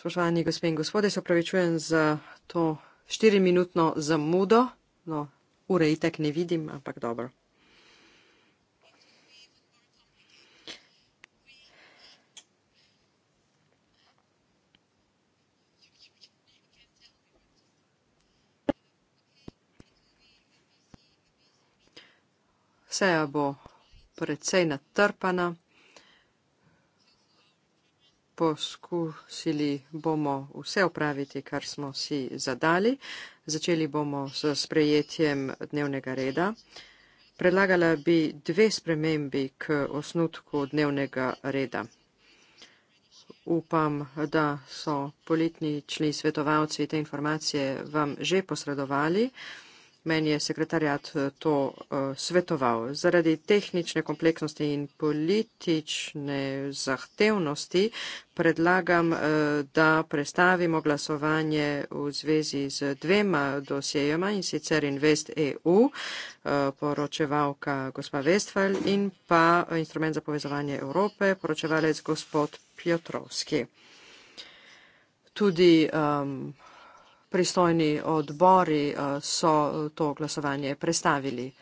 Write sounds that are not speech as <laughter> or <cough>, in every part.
Spoštovani gospe in gospode, se opravičujem za to štiriminutno zamudo. No, ure itek ne vidim, ampak dobro. Vse bo precej natrpana poskusili bomo vse opraviti, kar smo si zadali. Začeli bomo s sprejetjem dnevnega reda. Predlagala bi dve spremembi k osnutku dnevnega reda. Upam, da so politični svetovalci te informacije vam že posredovali meni je sekretarjat eh, to uh, svetoval. Zaradi tehnične kompleksnosti in politične zahtevnosti predlagam, uh, da prestavimo glasovanje v zvezi z dvema dosjejema in sicer Invest EU, uh, poročevalka gospa Westfeld in pa instrument za povezovanje Evrope, poročevalec gospod Pjotrovski. Tudi um, pristojni odbori eh, so eh, to glasovanje predstavili.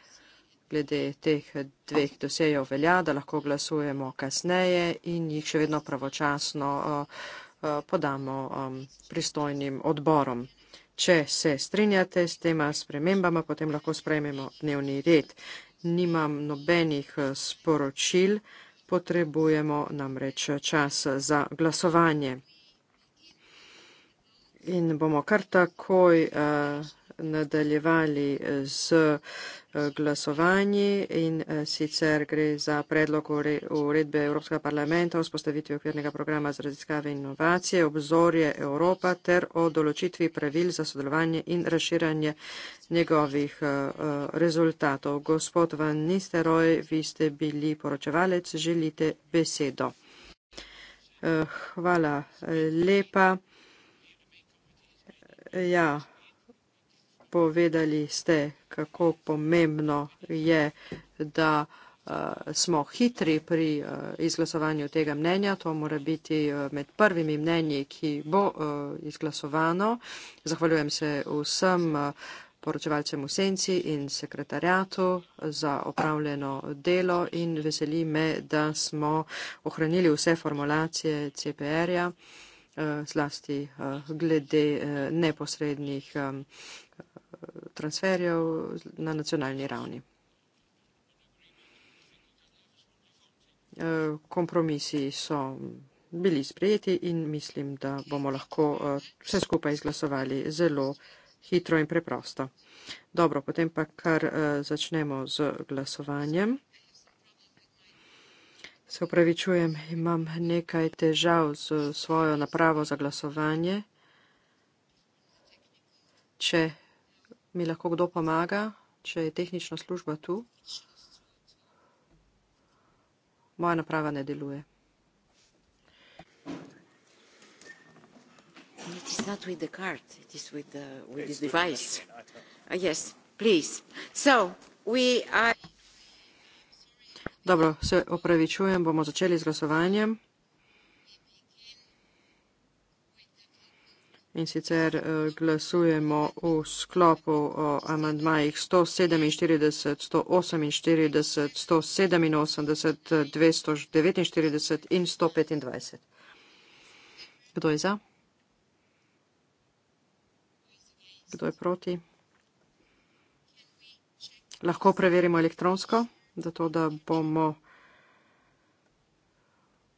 Glede teh dveh dosejev velja, da lahko glasujemo kasneje in jih še vedno pravočasno eh, podamo um, pristojnim odborom. Če se strinjate s tema spremembama, potem lahko sprejmemo dnevni red. Nimam nobenih sporočil, potrebujemo namreč čas za glasovanje. In bomo kar takoj uh, nadaljevali eh, z eh, glasovanji in sicer gre za predlog uredbe Evropskega parlamenta o spostavitvi okvirnega programa za raziskave inovacije, obzorje Evropa ter o določitvi pravil za sodelovanje in razširanje njegovih rezultatov. Gospod Van Nisteroj, vi ste bili poročevalec, želite besedo. Hvala lepa ja, povedali ste, kako pomembno je, da uh, smo hitri pri uh, izglasovanju tega mnenja. To mora biti uh, med prvimi mnenji, ki bo uh, izglasovano. Zahvaljujem se vsem. Uh, poročevalcem v senci in sekretarjatu za opravljeno delo in veseli me, da smo ohranili vse formulacije CPR-ja zlasti eh, glede eh, neposrednih eh, transferjev na nacionalni ravni. Kompromisi so bili sprejeti in mislim, da bomo lahko vse skupaj izglasovali zelo hitro in preprosto. Dobro, potem pa kar začnemo z glasovanjem. Se upravičujem, imam nekaj težav z svojo napravo za glasovanje. Če mi lahko kdo pomaga, če je tehnična služba tu, moja naprava ne deluje. It is not with the card, it is with the, with the device. Uh, yes, please. So, we are. Dobro, se opravičujem, bomo začeli z glasovanjem. In sicer eh, glasujemo v sklopu o amandmajih 147, 148, 187, 249 in 125. Kdo je za? Kdo je proti? Lahko preverimo elektronsko zato da bomo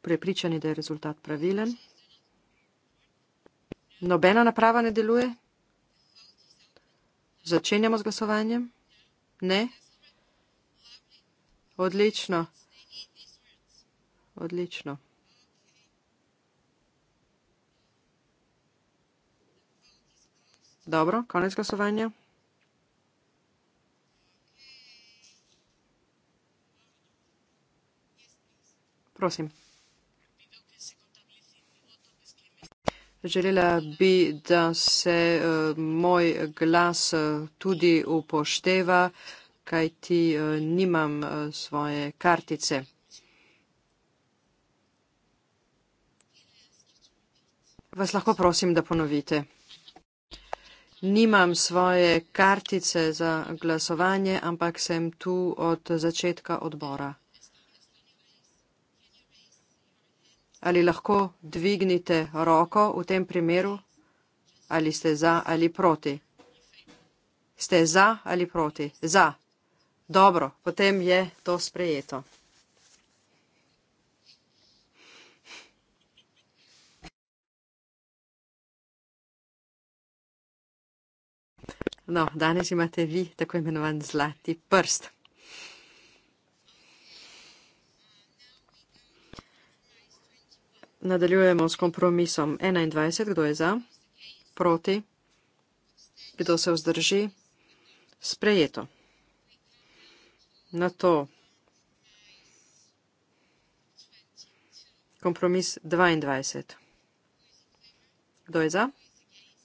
prepričani, da je rezultat pravilen. Nobena naprava ne deluje. Začenjamo z glasovanjem? Ne? Odlično. Odlično. Dobro, konec glasovanja. Prosim. Želela bi, da se uh, moj glas uh, tudi upošteva, kaj ti uh, eh, nimam uh, svoje kartice. Vas lahko prosim, da ponovite. Nimam svoje kartice za glasovanje, ampak sem tu od začetka odbora. ali lahko dvignite roko v tem primeru, ali ste za ali proti. Ste za ali proti? Za. Dobro, potem je to sprejeto. No, danes imate vi tako imenovan zlati prst. Nadaljujemo s kompromisom 21. Kdo je za? Proti? Kdo se vzdrži? Sprejeto. Na to kompromis 22. Kdo je za?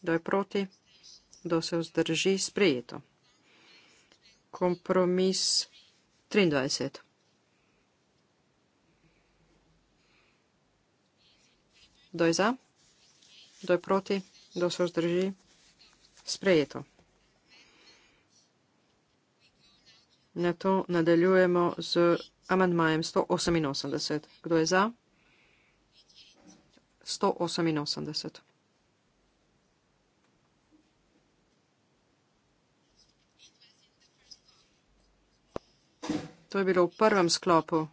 Kdo je proti? Kdo se vzdrži? Sprejeto. Kompromis 23. Kdo je za? Kdo je proti? Kdo se vzdrži? Sprejeto. Na to nadaljujemo z amandmajem 188. Kdo je za? 188. To je bilo v prvem sklopu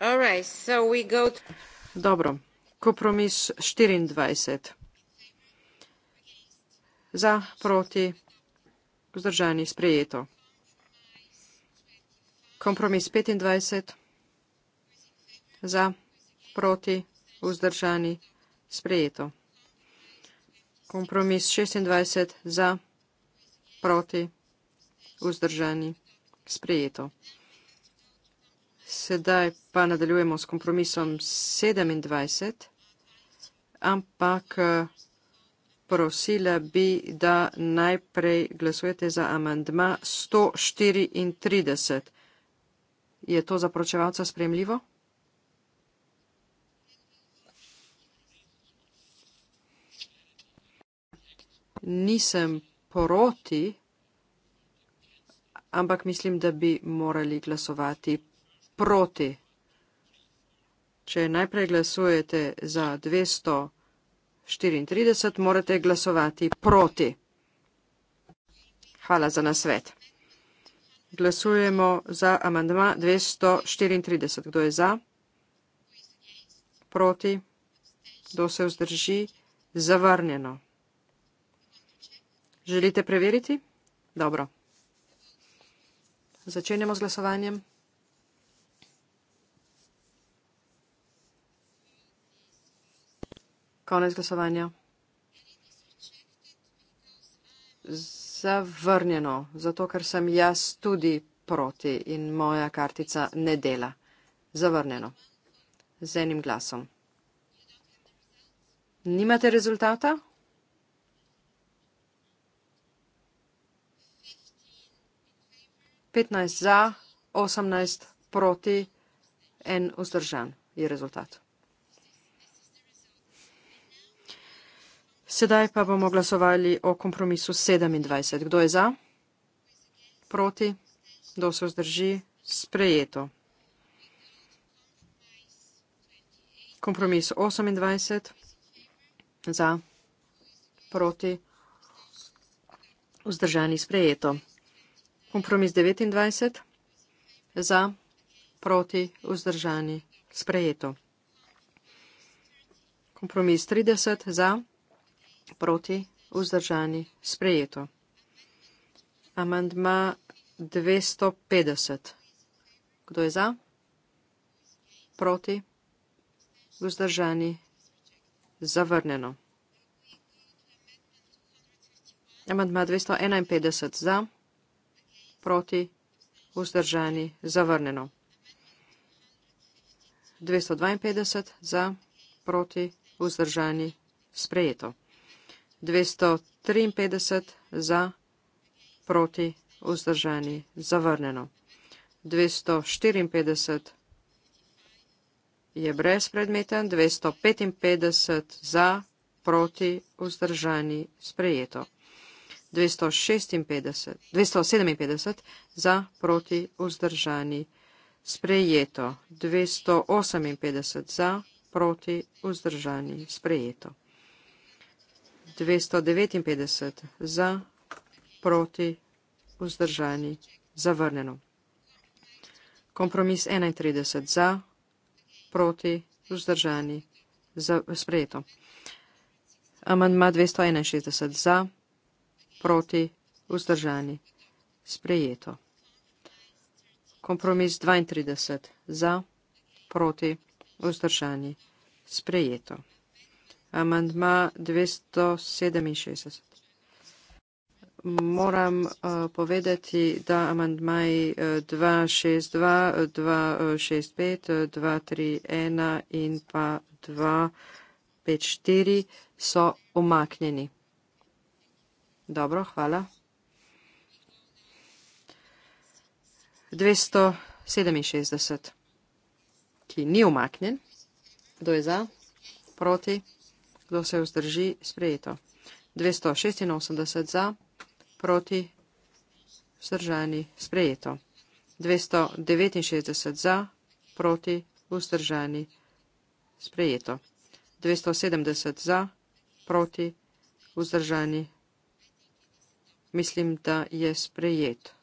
Right, so to... Dobro, kompromis 24. Za, proti, vzdržani, sprejeto. Kompromis 25. Za, proti, vzdržani, sprejeto. Kompromis 26. Za, proti, vzdržani, sprejeto. Sedaj pa nadaljujemo s kompromisom 27, ampak eh, prosila bi, da najprej glasujete za amandma 134. Je to za pročevalca spremljivo? Nisem proti, ampak mislim, da bi morali glasovati proti. Če najprej glasujete za 234, morate glasovati proti. Hvala za nasvet. Glasujemo za amandma 234. Kdo je za? Proti? Kdo se vzdrži? Zavrnjeno. Želite preveriti? Dobro. Začenjamo z glasovanjem. Konec glasovanja. Zavrnjeno, zato ker sem jaz tudi proti in moja kartica ne dela. Zavrnjeno. Z enim glasom. Nimate rezultata? 15 za, 18 proti, en vzdržan je rezultat. Sedaj pa bomo glasovali o kompromisu 27. Kdo je za? Proti? Kdo se vzdrži? Sprejeto. Kompromis 28. Za? Proti? Vzdržani sprejeto. Kompromis 29. Za? Proti? Vzdržani sprejeto. Kompromis 30. Za? Proti vzdržani sprejeto. Amandma 250. Kdo je za? Proti vzdržani zavrnjeno. Amandma 251 za, proti, vzdržani, zavrnjeno. 252 za, proti, vzdržani, sprejeto. 253 za, proti, vzdržani, zavrnjeno. 254 je brezpredmeten, 255 za, proti, vzdržani, sprejeto. 256, 257 za, proti, vzdržani, sprejeto. 258 za, proti, vzdržani, sprejeto. 259 za, proti, vzdržani, zavrnjeno. Kompromis 31 za, proti, vzdržani, za, sprejeto. Amandma 261 za, proti, vzdržani, sprejeto. Kompromis 32 za, proti, vzdržani, sprejeto amandma 267. Moram uh, povedati, da amandmaji 262, 265, 231 in pa 254 so omaknjeni. Dobro, hvala. 267, ki ni omaknjen. Kdo je za? Proti? Kdo se vzdrži, sprejeto. 286 za, proti, vzdržani, sprejeto. 269 za, proti, vzdržani, sprejeto. 270 za, proti, vzdržani, mislim, da je sprejet.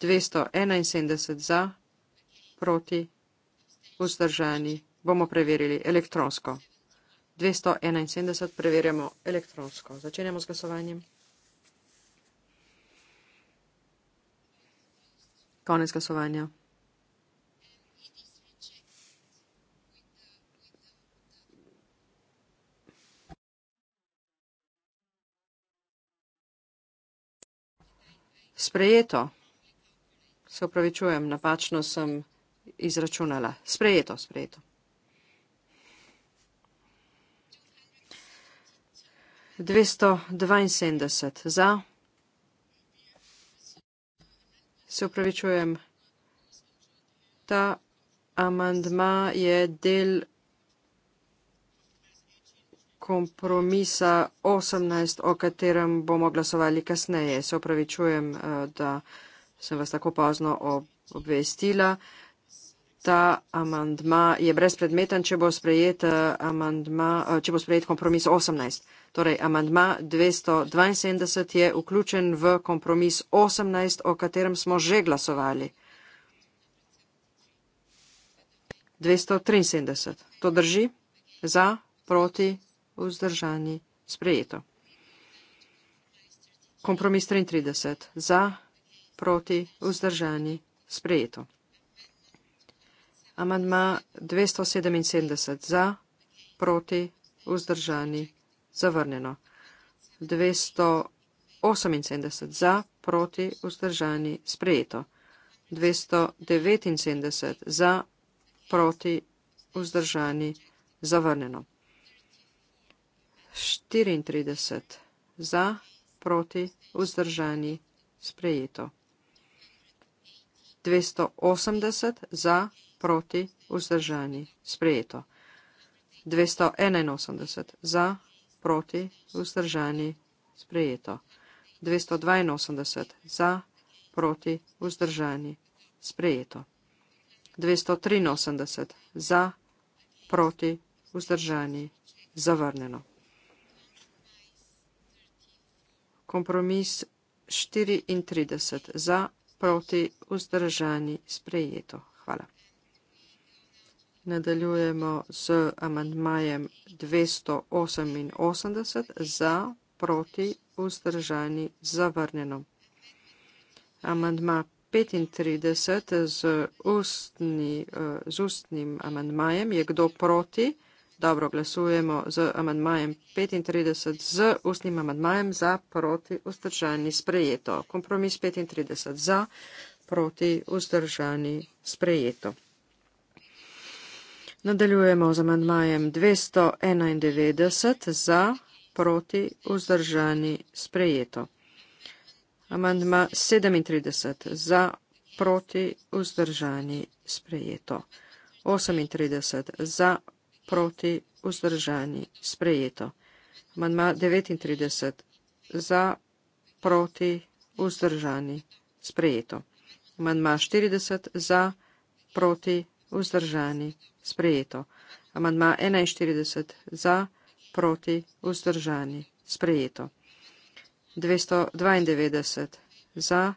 271 za, proti, vzdržani, sprejeto bomo preverili elektronsko. 271 preverjamo elektronsko. Začenjamo z glasovanjem. Konec glasovanja. Sprejeto. Se upravičujem, napačno sem izračunala. Sprejeto, sprejeto. 272 za. Se upravičujem, ta amandma je del kompromisa 18, o katerem bomo glasovali kasneje. Se upravičujem, eh, da sem vas tako pozno obvestila ta amandma je brezpredmeten, če bo sprejet, eh, amandma, eh, če bo sprejet kompromis 18. Torej, amandma 272 je vključen v kompromis 18, o katerem smo že glasovali. 273. To drži? Za, proti, vzdržani, sprejeto. Kompromis 33. Za, proti, vzdržani, sprejeto. Amandma 277 za, proti, vzdržani, zavrnjeno. 278 za, proti, vzdržani, sprejeto. 279 za, proti, vzdržani, zavrnjeno. 34 za, proti, vzdržani, sprejeto. 280 za, proti, vzdržani, sprejeto proti, vzdržani, sprejeto. 281 za, proti, vzdržani, sprejeto. 282 za, proti, vzdržani, sprejeto. 283 za, proti, vzdržani, zavrnjeno. Kompromis 34 za, proti, vzdržani, sprejeto. Hvala. Nadaljujemo z amantmajem 288 za, proti, vzdržani, zavrnjeno. Amantma 35 z, ustni, eh, z ustnim amantmajem je kdo proti. Dobro, glasujemo z amantmajem 35 z ustnim amantmajem za, proti, vzdržani, sprejeto. Kompromis 35 za, proti, vzdržani, sprejeto. Nadaljujemo z amandmajem 291 za, proti, vzdržani, sprejeto. Amandma 37 za, proti, vzdržani, sprejeto. 38 za, proti, vzdržani, sprejeto. Amandma 39 za, proti, vzdržani, sprejeto. Amandma 40 za, proti, vzdržani, sprejeto vzdržani, sprejeto. Amandma 41 za, proti, vzdržani, sprejeto. 292 za,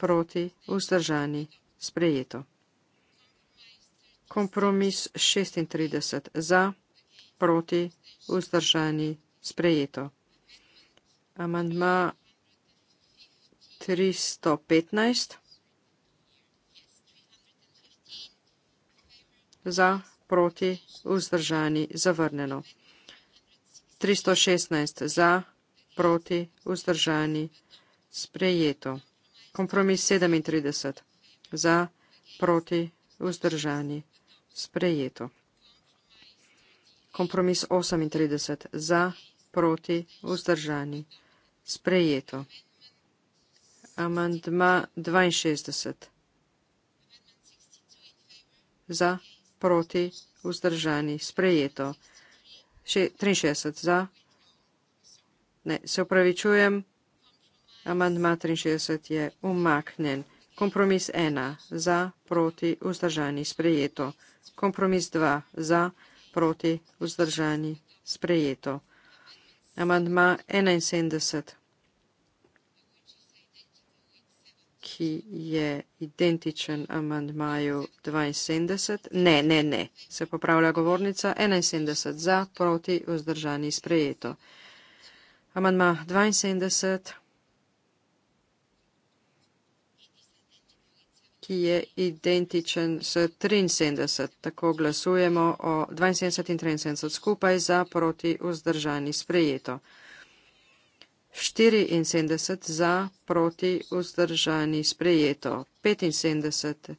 proti, vzdržani, sprejeto. Kompromis 36 za, proti, vzdržani, sprejeto. Amandma 315. za, proti, vzdržani, zavrnjeno. 316 za, proti, vzdržani, sprejeto. Kompromis 37 za, proti, vzdržani, sprejeto. Kompromis 38 za, proti, vzdržani, sprejeto. Amandma 62 za, proti, vzdržani, sprejeto proti, vzdržani, sprejeto. Še 63 za. Ne, se upravičujem. Amandma 63 je umaknen. Kompromis 1 za, proti, vzdržani, sprejeto. Kompromis 2 za, proti, vzdržani, sprejeto. Amandma 71. ki je identičen amandmaju 72. Ne, ne, ne. Se popravlja govornica 71 za, proti, vzdržani, sprejeto. Amandma 72, ki je identičen s 73. Tako glasujemo o 72 in 73 skupaj za, proti, vzdržani, sprejeto. 74 za, proti, vzdržani, sprejeto. 75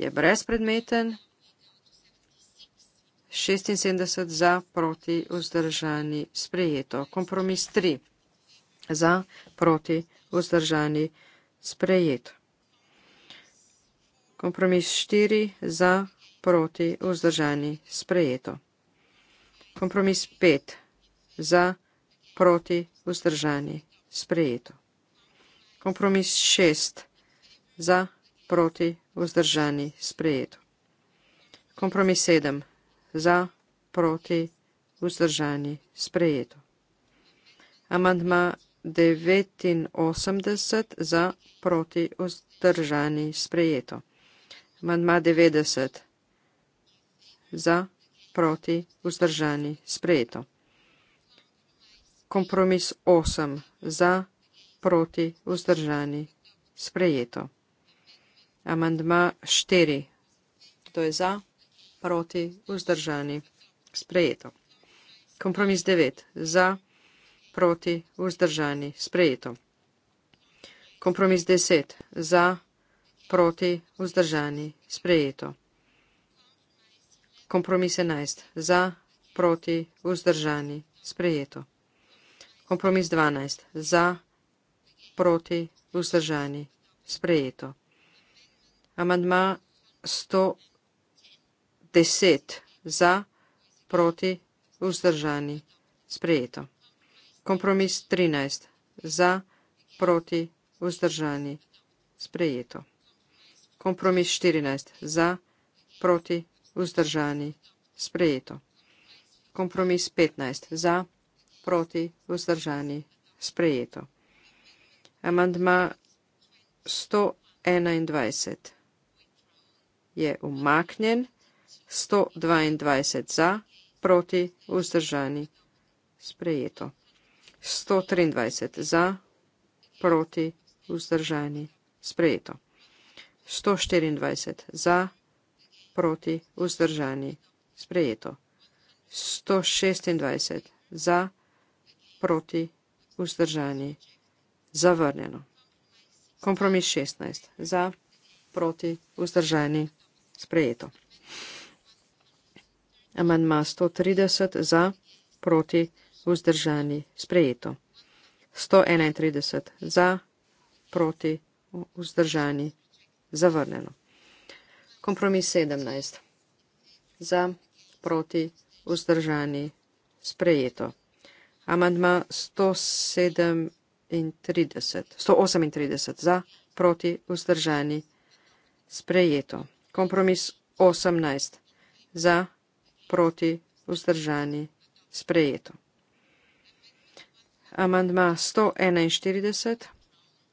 je brezpredmeten. 76 za, proti, vzdržani, sprejeto. Kompromis 3 za, proti, vzdržani, sprejeto. Kompromis 4 za, proti, vzdržani, sprejeto. Kompromis 5 za, proti, vzdržani, sprejeto proti, vzdržani, sprejeto. Kompromis šest za, proti, vzdržani, sprejeto. Kompromis sedem za, proti, vzdržani, sprejeto. Amandma 89 za, proti, vzdržani, sprejeto. Amandma 90 za, proti, vzdržani, sprejeto kompromis 8 za, proti, vzdržani, sprejeto. Amandma 4. To je za, proti, vzdržani, sprejeto. Kompromis 9. Za, proti, vzdržani, sprejeto. Kompromis 10. Za, proti, vzdržani, sprejeto. Kompromis 11. Za, proti, vzdržani, sprejeto. Kompromis 12. Za, proti, vzdržani, sprejeto. Amandma 110. Za, proti, vzdržani, sprejeto. Kompromis 13. Za, proti, vzdržani, sprejeto. Kompromis 14. Za, proti, vzdržani, sprejeto. Kompromis 15. Za, proti, vzdržani, sprejeto proti vzdržani sprejeto. Amandma 121 je umaknjen, 122 za, proti vzdržani sprejeto. 123 za, proti vzdržani sprejeto. 124 za, proti vzdržani sprejeto. 126 za, proti vzdržani sprejeto proti, vzdržani, zavrnjeno. Kompromis 16. Za, proti, vzdržani, sprejeto. Amandma 130. Za, proti, vzdržani, sprejeto. 131. Za, proti, vzdržani, zavrnjeno. Kompromis 17. Za, proti, vzdržani, sprejeto. Amandma 137, 138 za, proti, vzdržani, sprejeto. Kompromis 18 za, proti, vzdržani, sprejeto. Amandma 141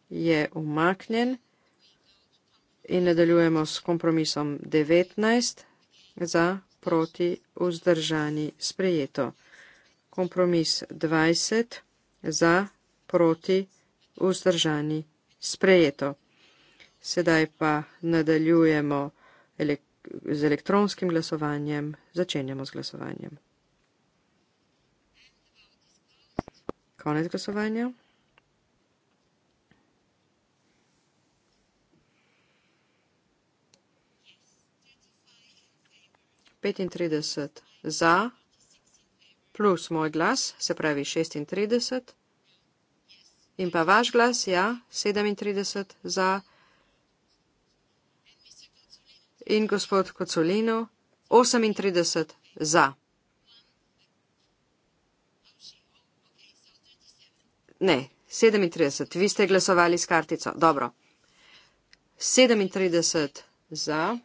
je umaknjen in nadaljujemo s kompromisom 19 za, proti, vzdržani, sprejeto kompromis 20, za, proti, vzdržani, sprejeto. Sedaj pa nadaljujemo elek z elektronskim glasovanjem, začenjamo z glasovanjem. Konec glasovanja. Petintrideset za plus moj glas, se pravi 36, in pa vaš glas, ja, 37 za in gospod Kocolino 38 za. Ne, 37, vi ste glasovali s kartico, dobro. 37 za,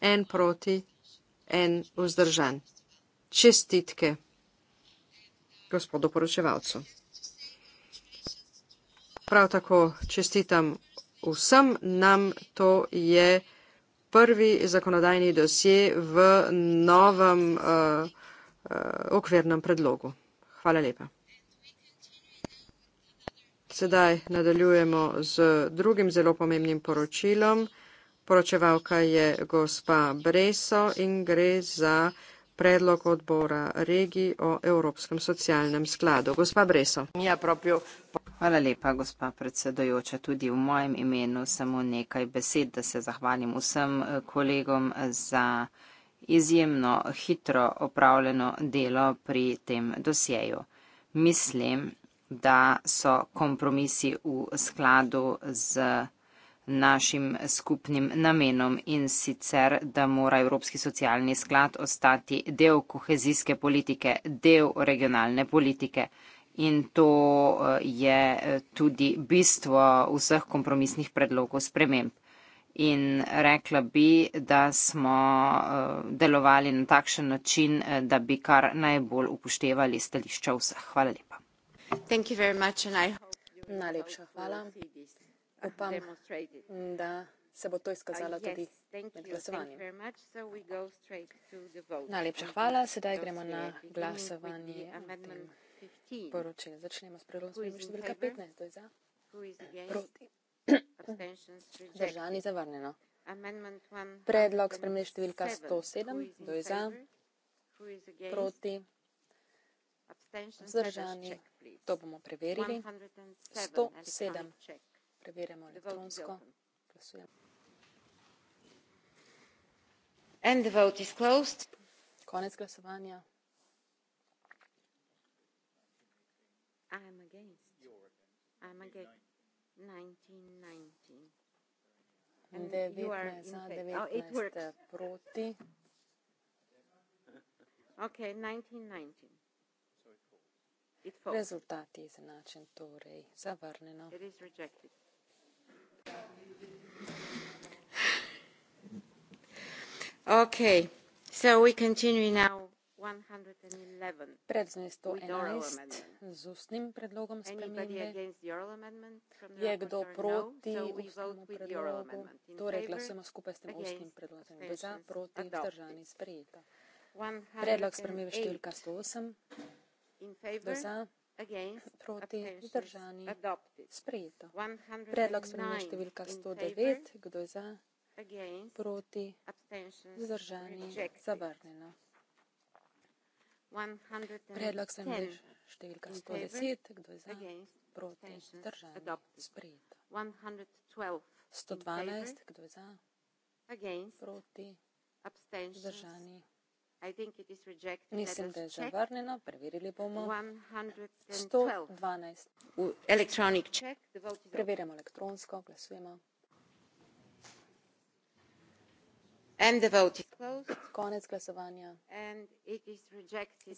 en proti, en vzdržan čestitke gospodu poročevalcu. Prav tako čestitam vsem nam, to je prvi zakonodajni dosje v novem uh, uh, okvirnem predlogu. Hvala lepa. Sedaj nadaljujemo z drugim zelo pomembnim poročilom. Poročevalka je gospa Breso in gre za predlog odbora regij o evropskem socialnem skladu. Gospa Breso. Ja, proprio... Hvala lepa, gospa predsedojoča. Tudi v mojem imenu samo nekaj besed, da se zahvalim vsem eh, kolegom za izjemno hitro opravljeno delo pri tem dosjeju. Mislim, da so kompromisi v skladu z našim skupnim namenom in sicer, da mora Evropski socialni sklad ostati del kohezijske politike, del regionalne politike. In to eh, je eh, tudi bistvo vseh kompromisnih predlogov sprememb. In rekla bi, da smo eh, delovali na takšen način, da bi kar najbolj upoštevali stališča vseh. Hvala lepa. Najlepša hvala upam, mm, da se bo to izkazalo ah, tudi med glasovanjem. Najlepša hvala. Sedaj gremo na glasovanje. Poročilo. Začnemo s predlogom številka 15. To je za. Proti. <coughs> Držani zavrnjeno. Predlog spremlje številka 107. To je za. Proti. Zdržani. To bomo preverili. 107. Preverjamo elektronsko. Glasujemo. And the vote is closed. Konec glasovanja. I'm against. I'm against. 1919. And you are in oh, it worked. Eh, okay, 1919. So it falls. It falls. Rezultati izenačen, torej zavrnjeno. It is rejected. Okay, so we continue now. Pred 111 z ustnim predlogom spremembe je kdo no. proti ustnemu predlogu, torej glasujemo skupaj s tem ustnim predlogom. Kdo za, proti, vzdržani, sprejeta. Predlog spremembe številka 108, kdo za, proti, vzdržani, sprejeta. Predlog spremembe številka 109, kdo za, proti, vzdržani, zavrnjeno. Predlog sem že številka 110, kdo je za, proti, vzdržani, sprejeto. 112, kdo je za, proti, vzdržani. Mislim, da je zavrnjeno, preverili bomo. 112. Preverjamo elektronsko, glasujemo. konec glasovanja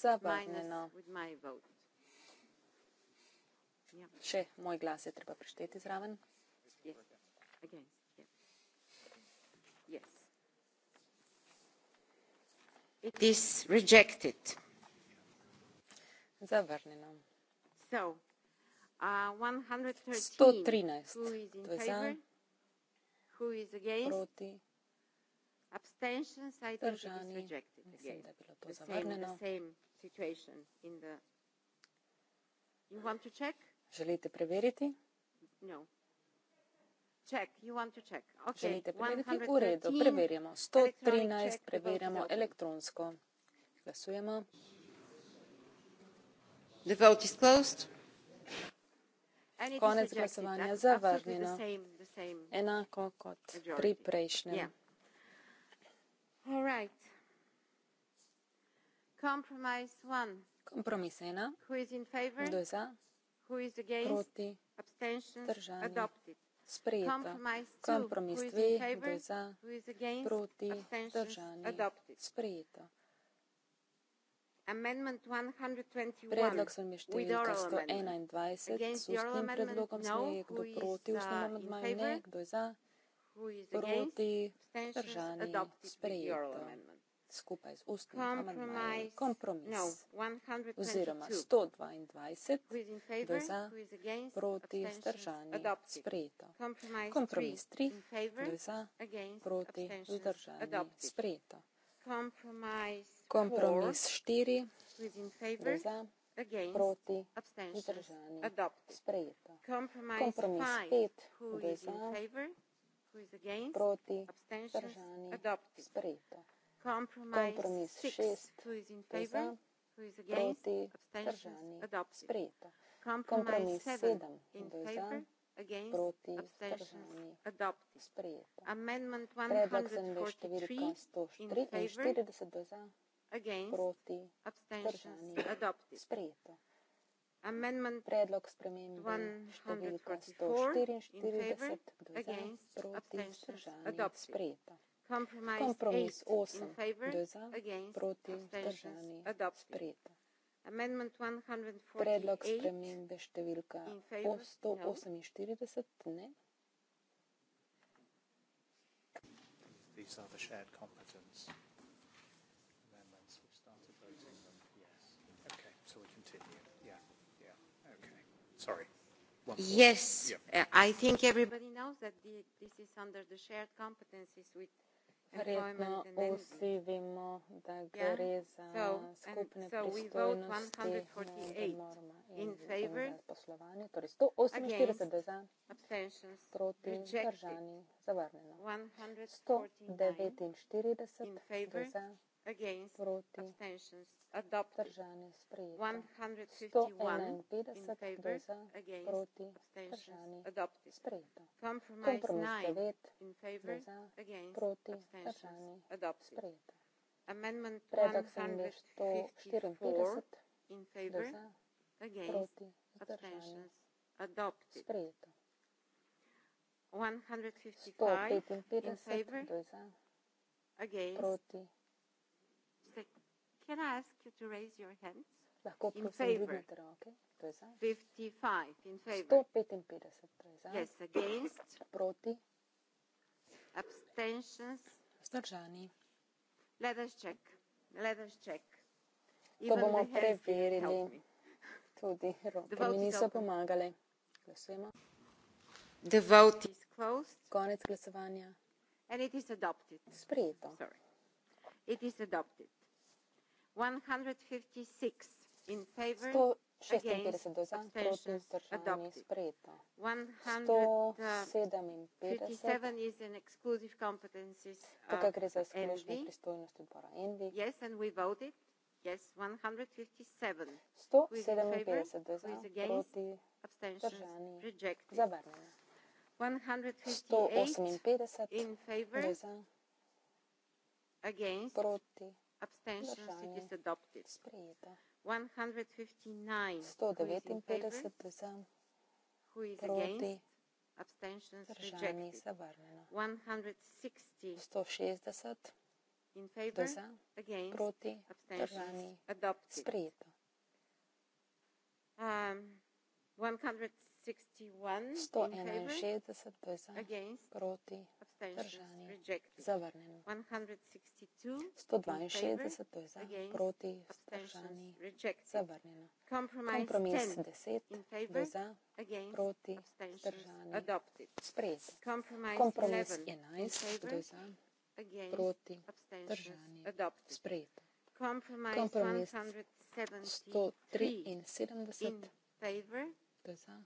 zavrnjeno še moj glas je treba prišteti zraven It is rejected. Zavrnjeno. So, uh, 113. 113. Who is in favor? Who is against? Proti. Vzdržani mislim, da je bilo to zavrneno. The... Želite preveriti? No. Check. You want to check. Okay. Želite preveriti? V redu, preverjamo. 113 preverjamo elektronsko. Glasujemo. The vote is closed. Konec glasovanja zavrnjeno. Enako kot majority. pri prejšnjem. Yeah. All right. Compromise one. Kompromis ena. Who is in favor? Kdo je za? Who is against? Proti. Abstention? Držanje. Adopted. Sprejeta. Compromise two. Kompromis dve. Kdo je za? Who is against? Proti. Držanje. Adopted. Sprejeta. Amendment 121. Predlog sem no. je številka 121. S ustnim predlogom sem je kdo proti ustnemu uh, amendmaju, ne kdo je za proti držanju sprejeto skupaj z ustnim amandmajem kompromis no, oziroma 122 do za proti zdržanje sprejeto. Kompromis 3 do za proti zdržanje sprejeto. Kompromis 4 do za proti zdržanje sprejeto. Kompromis 5 do za proti vzdržani sprejeto. Kompromis šest za, proti vzdržani sprejeto. Kompromis sedem za, proti vzdržani sprejeto. Predlog zemlje številka 143 za, proti vzdržani sprejeto predlog spremembe številka 144, kdo je za, proti, vzdržani, sprejeta. Kompromis 8, kdo je za, proti, vzdržani, sprejeta. Amendment 148 Predlog spremembe številka 148, ne. These are the shared competence. sorry. One yes, yeah. Uh, I think everybody knows that the, this is under the shared competencies with Verjetno vsi vemo, da gre za skupne so, so pristojnosti in favor poslovanja, torej 148 za proti držani zavrnjeno. 149 za proti, vzdržani, sprejeti. 151 glasov za, proti, vzdržani, sprejeti. Kompromis 9 glasov za, proti, vzdržani, sprejeti. Predlog 754 glasov za, proti, vzdržani, sprejeti. 155 in favor, against, can ask you to raise your hands Lahko in favor. Roke. To je za. 55 in favor. 155, to je za. Yes, against. Proti. Abstentions. Vzdržani. Let us check. Let us check. Even to bomo preverili. Tudi roke mi niso pomagale. Glasujemo. The vote is closed. Konec glasovanja. And it is adopted. Sprejeto. Sorry. It is adopted. 156 do za, proti vzdržanje sprejeto. 157 uh, tukaj gre za izključne pristojnosti odbora ENVI. Yes, and we voted. Yes, 157 do za, proti vzdržanje rejected. zavrnjeno. 158 do za, proti abstentions it is adopted. Sprejeto. 159 who is in favor, who is against, abstentions rejected. 160 in favor, against, proti, abstentions adopted. Sprejeto. Um, 161 in favor, against, proti, abstentions vzdržani. Zavrnjeno. 162, to je za, proti, vzdržani. Zavrnjeno. Kompromis 10, to je za, proti, vzdržani. Sprejet. Kompromis 11, to je za, proti, vzdržani. Sprejet. Kompromis 173, to je za,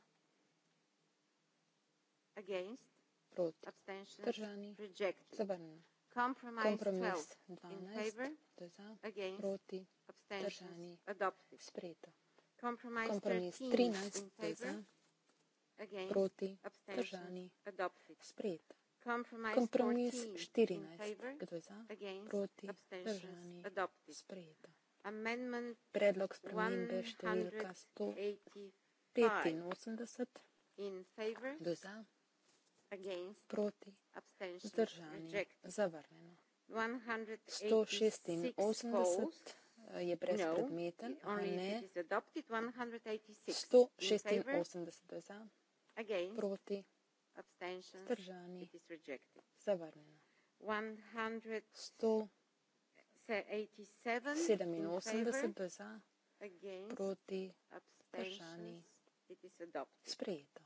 against proti. Vzdržani. Zavrnjeno. Kompromis 12. Za. Proti. Vzdržani. Sprejeto. Kompromis 13. Za. Proti. Vzdržani. Sprejeto. Kompromis 14. Kdo je za? Proti. Vzdržani. Sprejeto. Predlog spremembe številka 185. Kdo je za? proti, vzdržani, zavrnjeno. 186 je brez predmeta, no, ne 186 je za, against, proti, vzdržani, zavrnjeno. 187 je za, against, proti, vzdržani, sprejeto.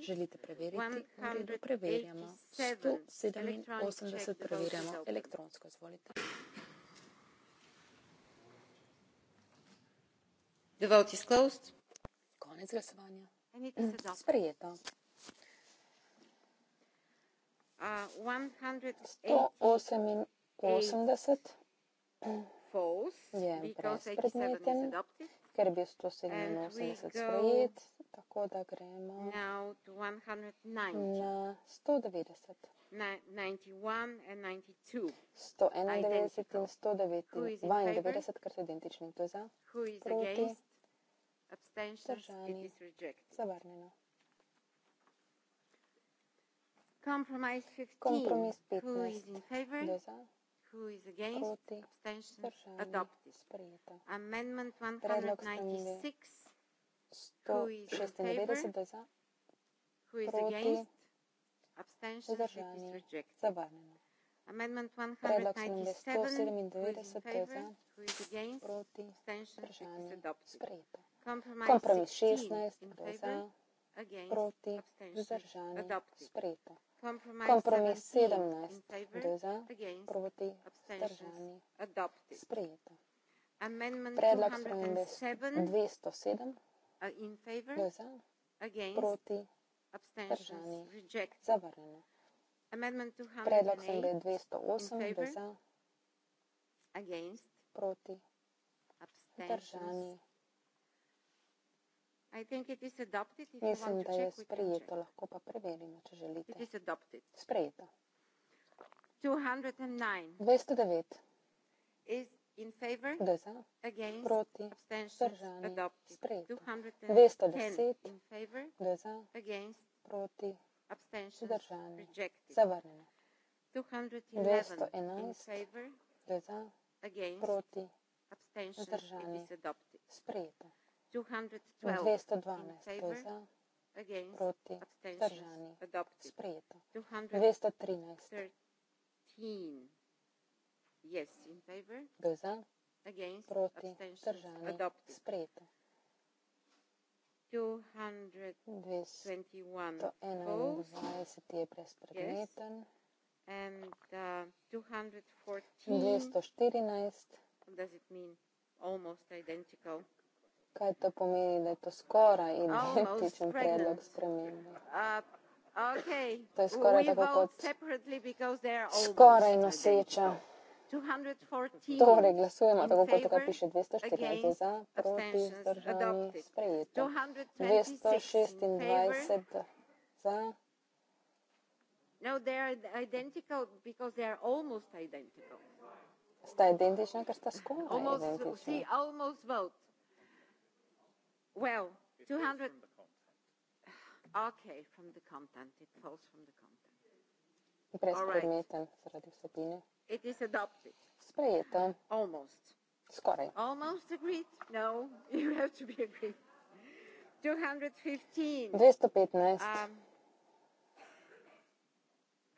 Želite preveriti? V redu, preverjamo. 187 preverjamo elektronsko, izvolite. Konec glasovanja. Mm, sprejeto. 188 uh, je pred predmetjem ker bi to se jim 80 sprejet, tako da gremo na 190. Na 190. 191 in 192, ker so identični, to je za. Proti. Abstention is rejected. Zavrnjeno. Compromise 15. Compromise 15. Who is in favor? Doza. Proti vzdržanje sprejeto. Predlog spremembe 196 za. Proti vzdržanje zavrnjeno. Amendment 197 proti vzdržanje sprejeto. Kompromis 16 za proti vzdržanje sprejeto kompromis 17 do za, proti vzdržani, sprejeto. Predlog spremembe 207 do za, proti vzdržani, zavrnjeno. Predlog spremembe 208 do za, proti vzdržani, zavrnjeno. Mislim, da je sprejeto, lahko pa preverimo, če želite. Sprejeto. 209. Kdo je za? Proti. Vzdržani. Sprejeto. 210. Kdo je za? Proti. Vzdržani. Zavrnjeno. 211. Kdo je za? Proti. Vzdržani. Sprejeto. 212 je za, proti vzdržani, sprejeto. 213 je za, proti vzdržani, sprejeto. 221 je brezpredmeten. And uh, 214. 214. What does it mean? Almost identical kaj to pomeni, da je to skoraj identičen oh, predlog spremembe. Uh, to je skoraj torej, tako kot skoraj noseča. Torej, glasujemo tako, kot tukaj piše 214 za, proti zdržani, sprejeto. 226 za. No, sta identična, ker sta skoraj identična. Well, it 200. Falls from the <sighs> okay, from the content. It falls from the content. Predmeten, right. It is adopted. Sprejeto. Almost. Skoraj. Almost agreed? No, <laughs> you have to be agreed. 215. 215. Um,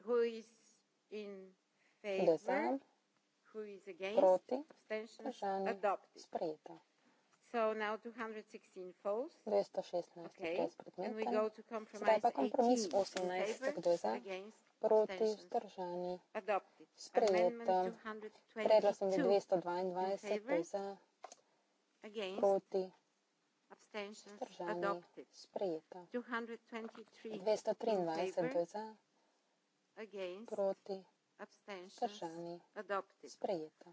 who is in favor? Who is against? Proti. Sprejeto. 216 okay. brez predmeta. Zdaj pa kompromis 18, kdo je za, proti vzdržani, sprejeto. Predla sem bil 222, kdo je za, proti vzdržani, sprejeto. 223, kdo je za, proti vzdržani, sprejeto.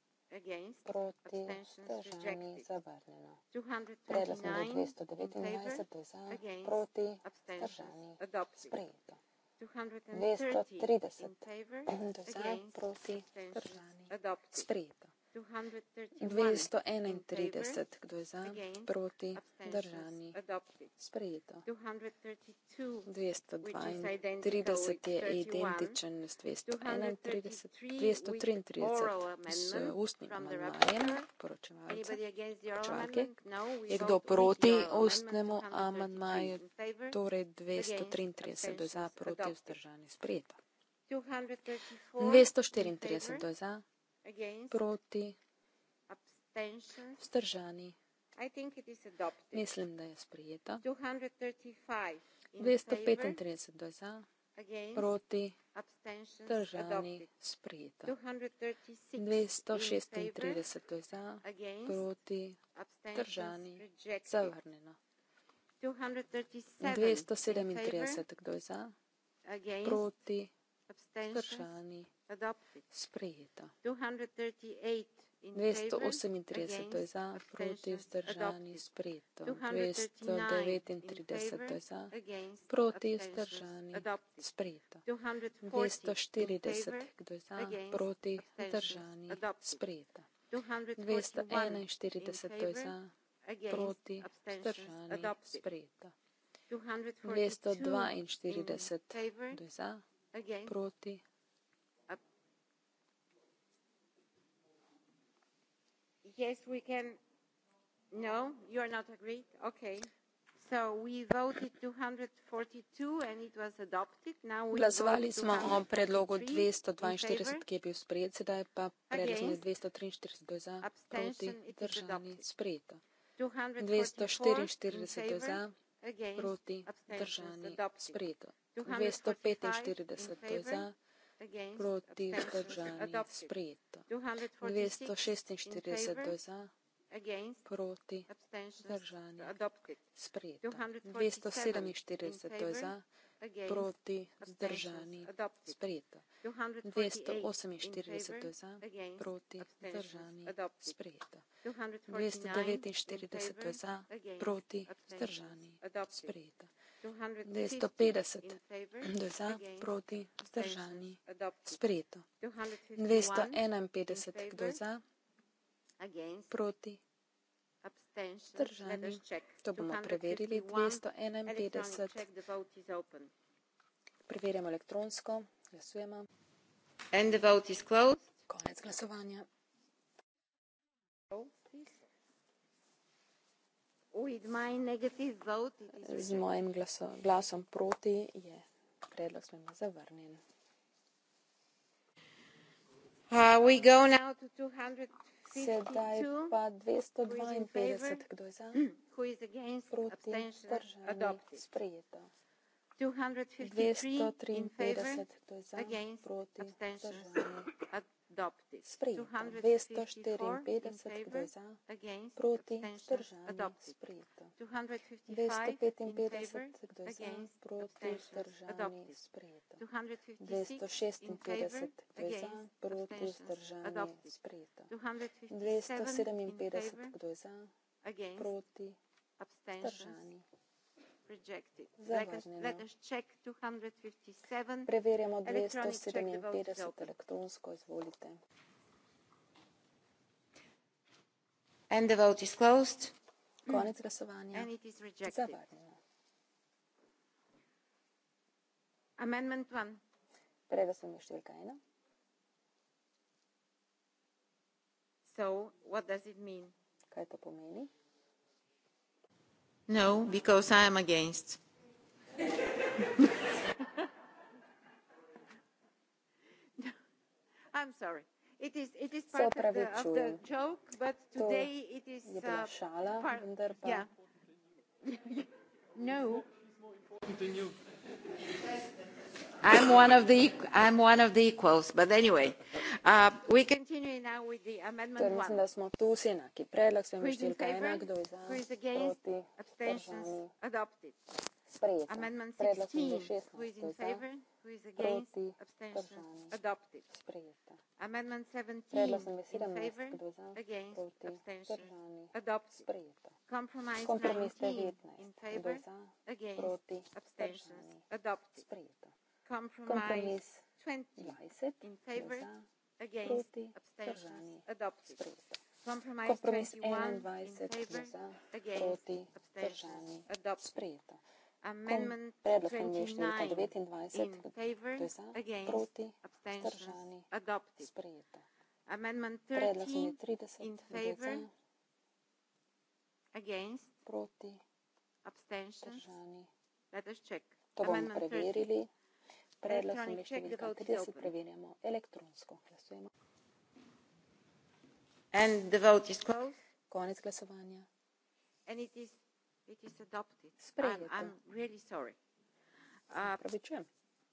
proti vzdržanje zavrnjeno. Predlog je 229, to je za, proti vzdržanje sprejeto. 230, to je za, proti vzdržanje sprejeto. 231, no, torej, kdo je za, proti, držani, sprejeto. 232 je identičen s 231, 233 s ustnim amandmajem poročevalca. Je kdo proti ustnemu amandmaju, torej 233 je za, proti, vzdržani, sprejeto. 234 je za proti, vzdržani. Mislim, da je sprijeta. 235 za, proti, vzdržani, sprijeta. 236 za, proti, vzdržani, zavrnjeno. 237 kdo je za, proti, vzdržani, zavrnjeno sprejeta. 238 je za, proti vzdržani sprejeto. 239 je za, proti vzdržani sprejeto. 240 kdo je za, proti vzdržani sprejeta. 241 je za, proti vzdržani sprejeta. 242 kdo je za, proti vzdržani sprejeta. Yes, we can. No, you are not agreed. Okay. So we voted 242 and it was adopted. Now we Glasovali smo o predlogu 242, ki je bil sprejet, sedaj pa predlog 243 za, proti državni sprejeto. 244 za, proti državni sprejeto. 245 za, proti vzdržanim sprejeto. 246 za, proti vzdržanim sprejeto. 247 za, proti vzdržanim sprejeto. 248 za, proti vzdržanim sprejeto. 249 za, proti vzdržanim sprejeto. 250 za, proti, vzdržani, sprejeto. 251 kdo za, proti, vzdržani, to bomo preverili. 251, preverjamo elektronsko, glasujemo. And the vote is closed. Konec glasovanja. Oh. Z mojim glaso, glasom proti je predlog spremenjen zavrnjen. Uh, Sedaj pa 252, kdo je za, hmm. proti, vzdržanje, sprejeto. 253, kdo je za, proti, vzdržanje. 254 gre za, proti vzdržanim, sprejeto. 255 gre za, proti vzdržanim, sprejeto. 256 gre za, proti vzdržanim, sprejeto. 257 gre za, proti vzdržanim, sprejeto. Preverjamo 257 elektronsko, izvolite. And the vote is closed. Mm. Konec glasovanja. And it is rejected. Zavarjeno. Amendment 1. Preglasovanje številka 1. So, what does it mean? Kaj to pomeni? No, because I am against. <laughs> I'm sorry. It is it is part of the, of the joke, but today it is uh, šala, part. Yeah. <laughs> no. Uh, torej, mislim da smo tu vsi enaki predlog sprememb številka ena kdo je za proti vzdržani sprejet predlog številka šestnajst kdo je za proti vzdržani sprejet predlog številka sedemnajst kdo je za proti vzdržani sprejet kompromis devetnajst kdo je za proti vzdržani sprejet compromise 20 in favor against abstention adopted. Compromise 21 in favor against abstention adopted. Amendment 29 in favor against abstention adopted. Amendment 30 in favor against abstention. Let us check. To bomo preverili. Predlog umeščenega v 30 preverjamo elektronsko. Glasujemo. And the vote is closed. Konec glasovanja. And it is, it is adopted. Sprejeto. I'm, I'm really sorry. Uh,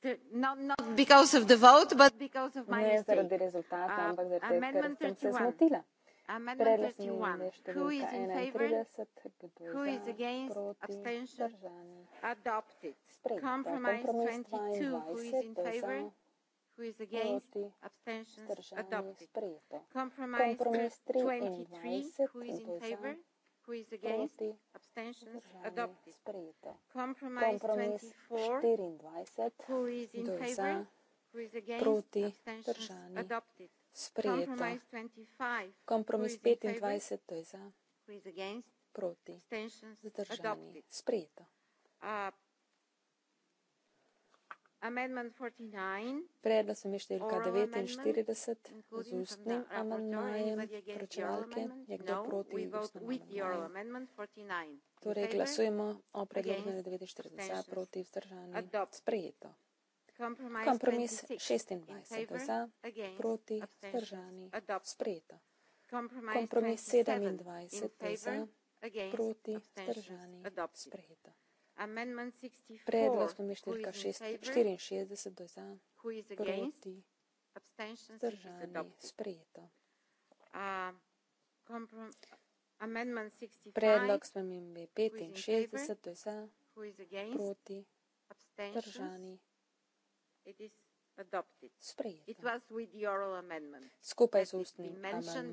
The, not, not because of the vote, but because of my ne mistake. zaradi rezultata, uh, ampak zaradi tega, ker sem se zmotila. Who is against? Abstentions adopted. Compromise 23. Who is in favor? Who is against? Abstentions adopted. Compromise 24. Who is in favor? Who is against? Abstentions adopted sprejeto. Kompromis 25, to je za, proti, zadržani, sprejeto. Uh, Predlog sem je številka 49 z ustnim amandmajem poročevalke, je kdo no, proti ustnemu amandmaju. Torej glasujemo o predlogu 49 za, proti, vzdržani, sprejeto kompromis šestindvajset za proti vzdržani sprejeta kompromis sedemindvajset za proti vzdržani sprejeta predlog smo mi številka štiriinšestdeset za proti vzdržani sprejeta uh, predlog smo mi petinšestdeset za proti vzdržani sprejeta Sprejet. Skupaj z ustnim amendmajem,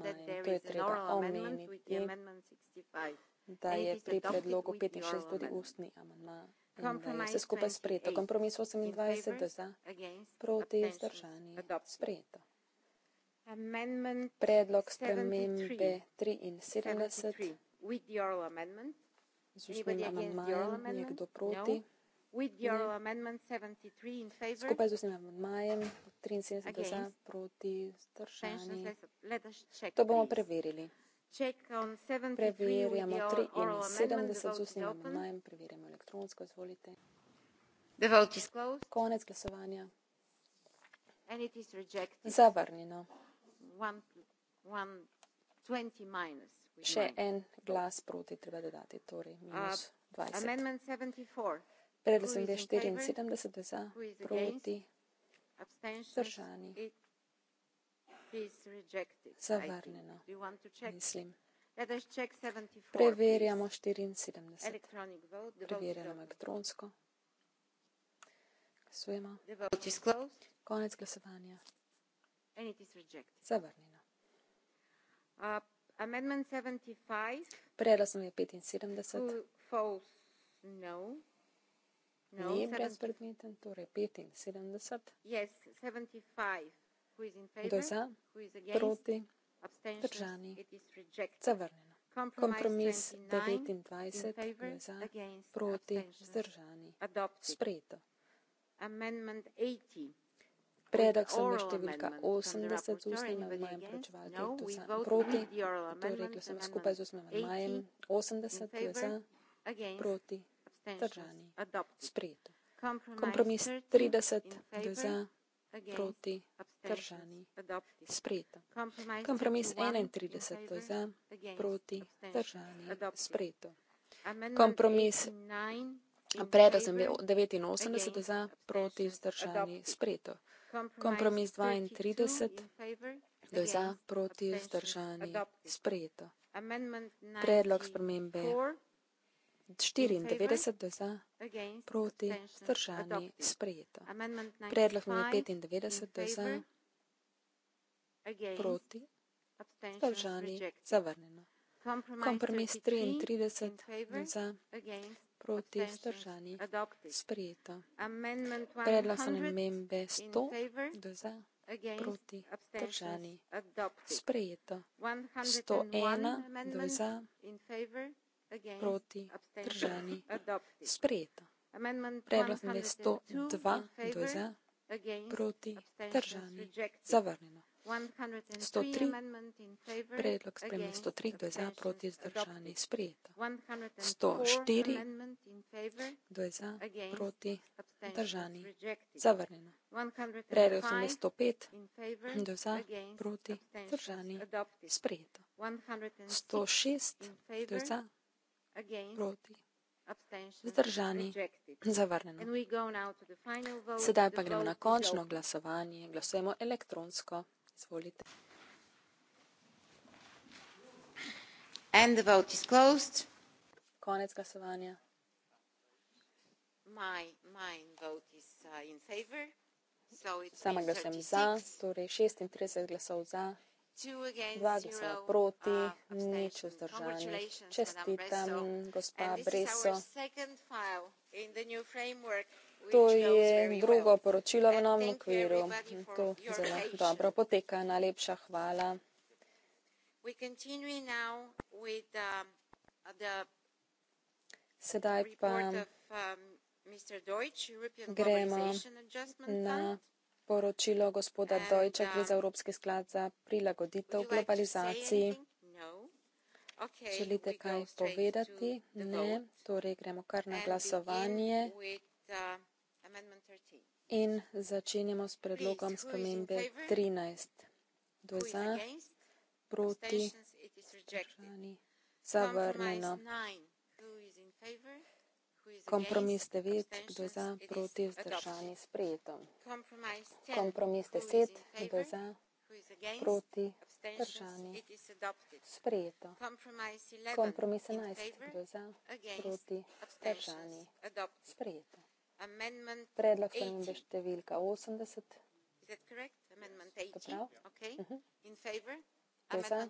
to je treba omeniti, da je pri predlogu 65 tudi ustni amendmaj. Vse skupaj sprejeto. Kompromis 28 za, proti zdržani. Sprejeto. Predlog spremembe 73 z ustnim amendmajem, nekdo proti. No. Skupaj z vsem amendmajem 73 za proti vzdržani. To bomo preverili. Preverjamo 73 z vsem amendmajem, preverjamo elektronsko, izvolite. Konec glasovanja. Zavrnjeno. Še en glas proti treba dodati, torej minus 20. Uh, 54 in 70 za, proti, vzdržani. Zavrnjeno, mislim. Preverjamo 74. Preverjamo elektronsko. Glasujemo. Konec glasovanja. Zavrnjeno. Uh, Predlog je 75. False, no. No, Ni brezpredmeten, torej 75. Yes, 75. Kdo je za? Proti? Vzdržani? Zavrnjeno. Kompromis 29. Kdo je za? Proti? Vzdržani? Sprejeto. Predlog samo številka 80 no, torej, z ustnim amandmajem pričevalke. Kdo je za? Proti? Torej, rekel sem skupaj z ustnim amandmajem. 80. Kdo je za? Proti? zadržani, sprejeto. Kompromis 30 do za, proti, zadržani, sprejeto. Kompromis 31 do za, proti, zadržani, sprejeto. Kompromis pred 89 do za, proti, zadržani, sprejeto. Kompromis 32 do za, proti, zadržani, sprejeto. Predlog spremembe 94 za, proti, vzdržani, sprejeto. Predlog nam je 95 za, proti, vzdržani, zavrnjeno. Kompromis 33 za, proti, vzdržani, sprejeto. Predlog za namembe 100 za, proti, vzdržani, sprejeto. 101 za, proti, vzdržani, sprejeto proti držani sprejeta. Predlog ne 102, kdo je za, proti držani zavrnjeno. 103, predlog spremlja 103, kdo je za, proti zdržani sprejeta. 104, kdo je za, proti zdržani zavrnjeno. Predlog spremlja 105, kdo je za, proti zdržani sprejeta. 106, kdo je za, proti, zdržani, zavrnjeno. Sedaj pa gremo na končno glasovanje. Glasujemo elektronsko. Izvolite. And the vote is closed. Konec glasovanja. My, my vote is uh, in favor. So it's Sama glasujem za, torej 36 glasov za. 2 glasa proti, nič vzdržanih. Čestitam, gospa Breso. To je drugo poročilo v novem okviru. To zelo dobro poteka. Najlepša hvala. Um, Sedaj pa um, gremo na poročilo gospoda Dojča gre za um, Evropski sklad za prilagoditev globalizaciji. No? Želite kaj povedati? Ne. Torej gremo kar na glasovanje uh, in začenjamo s predlogom spremembe 13. Kdo je za? Proti? Zavrnjeno. Kompromis 9, kdo je za, proti vzdržani sprejeto. Kompromis 10, kdo je za, proti vzdržani sprejeto. Kompromis 11, kdo je za, proti vzdržani sprejeto. Predlog se imenuje številka 80. Je to prav? Uh -huh. Mhm je za,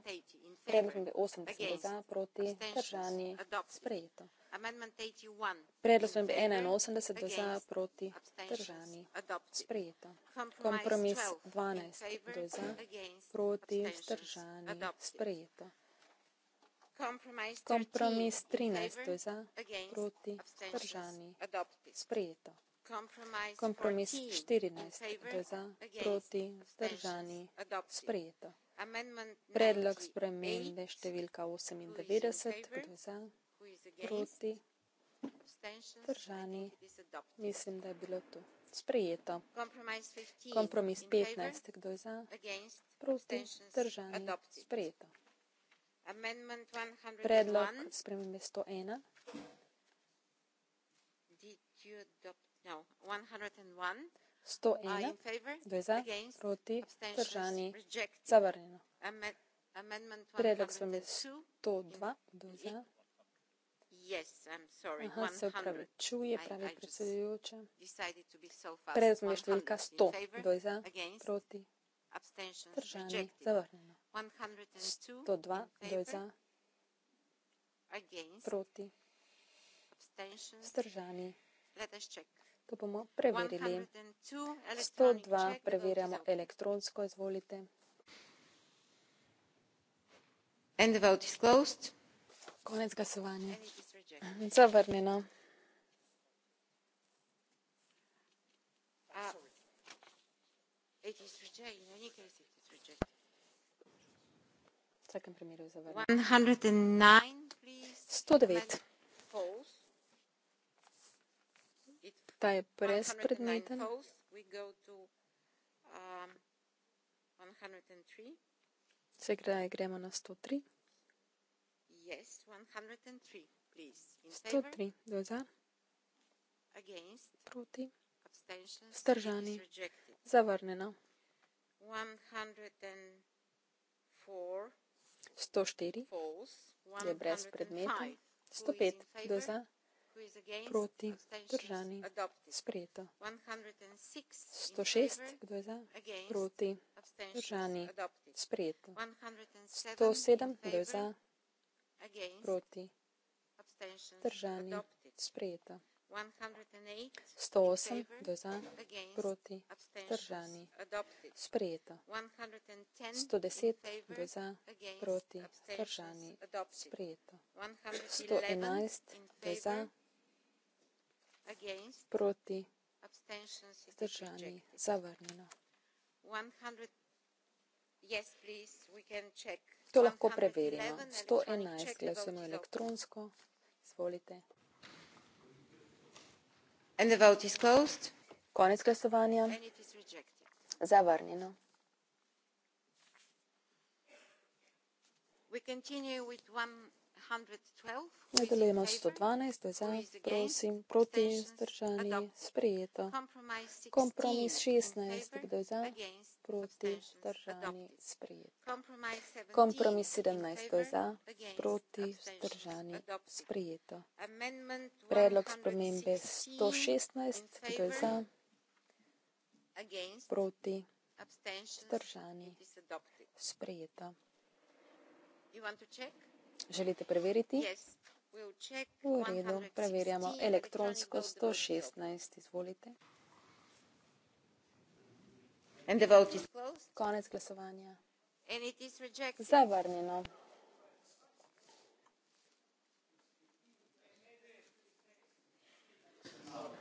predlog 80 proti držanje sprejeto. Predlog 81 za proti držanje sprejeto. Kompromis 12 do za proti držanje sprejeto. Kompromis 13 do za proti držanje sprejeto. Kompromis 14 do za proti držanje sprejeto. Predlog spremembe številka 98, kdo je za, proti, držani, mislim, da je bilo to sprejeto. Kompromis 15, kdo je za, proti, držani, sprejeto. Predlog spremembe 101. No, 101. 101, 2 za, proti, vzdržani, zavrnjeno. Predlog sem je 102, 2 za. Aha, se upravičuje, pravi predsedujoče. Predlog sem je številka 100, 2 za, proti, vzdržani, zavrnjeno. 102, 2 za, proti, vzdržani, ga bomo preverili. 102 preverjamo elektronsko, izvolite. Konec glasovanja. Zavrnjeno. No, v vsakem primeru je zavrnjeno. 109. pa je brezpredmeten. Sekdaj gremo na 103. 103, doza. Proti. Stržani. Zavrnjeno. 104. Je brezpredmeten. 105, doza proti držani sprejeto. 106, kdo je za? Proti držani sprejeto. 107, kdo je za? Proti držani sprejeto. 108, kdo je za? Proti držani sprejeto. 110, kdo je za? Proti držani sprejeto. 111, kdo je za? Proti. Zdržani. Zavrnjeno. To lahko preverimo. 111 glasujemo elektronsko. Izvolite. And the vote is closed. Konec glasovanja. Zavrnjeno. We continue with one Nadaljujemo 112, za, prosim, proti, zdržani, sprijeto. Kompromis 16, kdo je za, proti, zdržani, sprijeto. Kompromis 17, kdo je za, proti, zdržani, sprijeto. Predlog spremembe 116, kdo je za, proti, zdržani, sprijeto. You want to check? Želite preveriti? V redu, preverjamo elektronsko 116. Izvolite. Konec glasovanja. Zavrnjeno.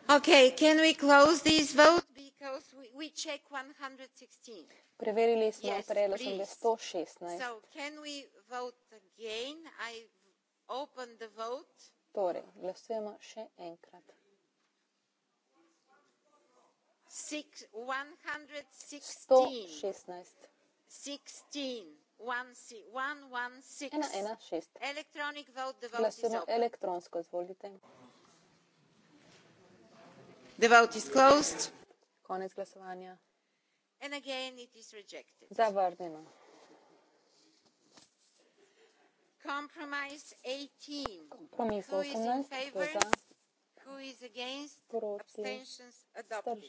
Okay, can we close this vote? Preverili smo, prejelo sem le 116. Torej, glasujemo še enkrat. 116. 116. Elektronsko, izvolite. The vote is closed. Konec glasovanja. Zavrnjeno. Kompromis 18. Proti stržanje sprejeto.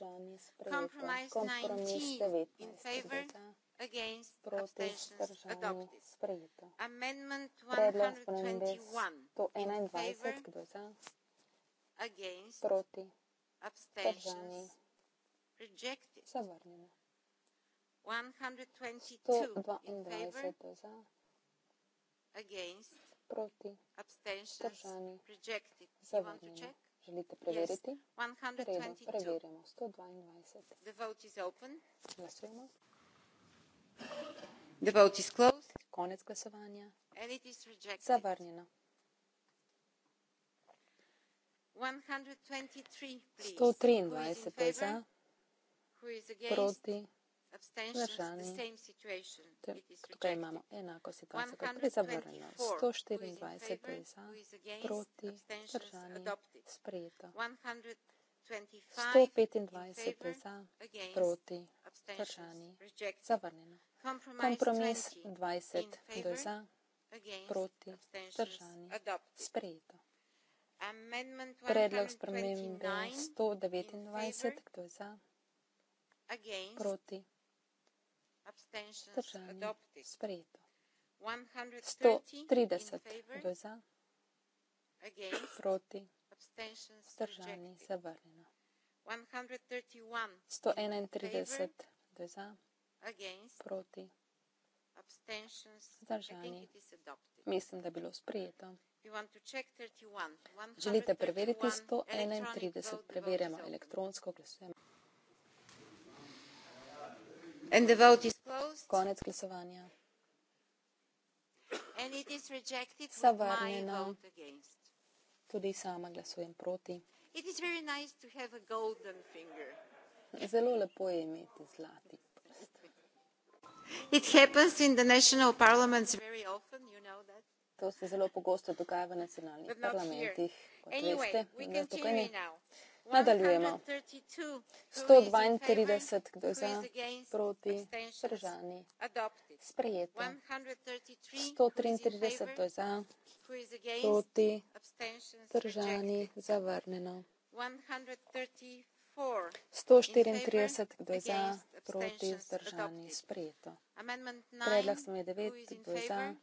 Kompromis 19. Proti stržanje sprejeto. Predlog spremembe 121. Kdo za? Proti stržanje sprejeto rejected. Zavrnjeno. 122 za. Against. Proti. Abstention. Rejected. Zavrnjeno. Želite preveriti? Yes. Preverjamo. 122. The vote is open. Glasujemo. The vote is closed. Konec glasovanja. And it is rejected. Zavrnjeno. 123, please. 123 za proti vzdržani. Tukaj imamo enako situacijo kot pri zavrnjenju. 124 je za, proti vzdržani, sprejeto. 125 je za, proti vzdržani, zavrnjeno. Kompromis 20 je za, proti vzdržani, sprejeto. Predlog spremembe 129, kdo je za? proti. Vzdržanje sprejeto. 130 kdo je za, proti, vzdržanje zavrnjeno. 131 kdo je za, proti, vzdržanje. Mislim, da je bilo sprejeto. Želite preveriti 131, preverjamo elektronsko glasujemo konec glasovanja za varnjeno. Tudi sama glasujem proti. Zelo lepo je imeti zlati. It happens in the national parliaments very often, you know that. To se zelo pogosto dogaja v nacionalnih parlamentih. Anyway, veste, we no, continue now. Nadaljujemo. 132, kdo je za, proti, vzdržani, sprejeto. 133, kdo je za, proti, vzdržani, zavrnjeno. 134, kdo je za, proti, vzdržani, sprejeto. Predlog smo je 9, kdo je za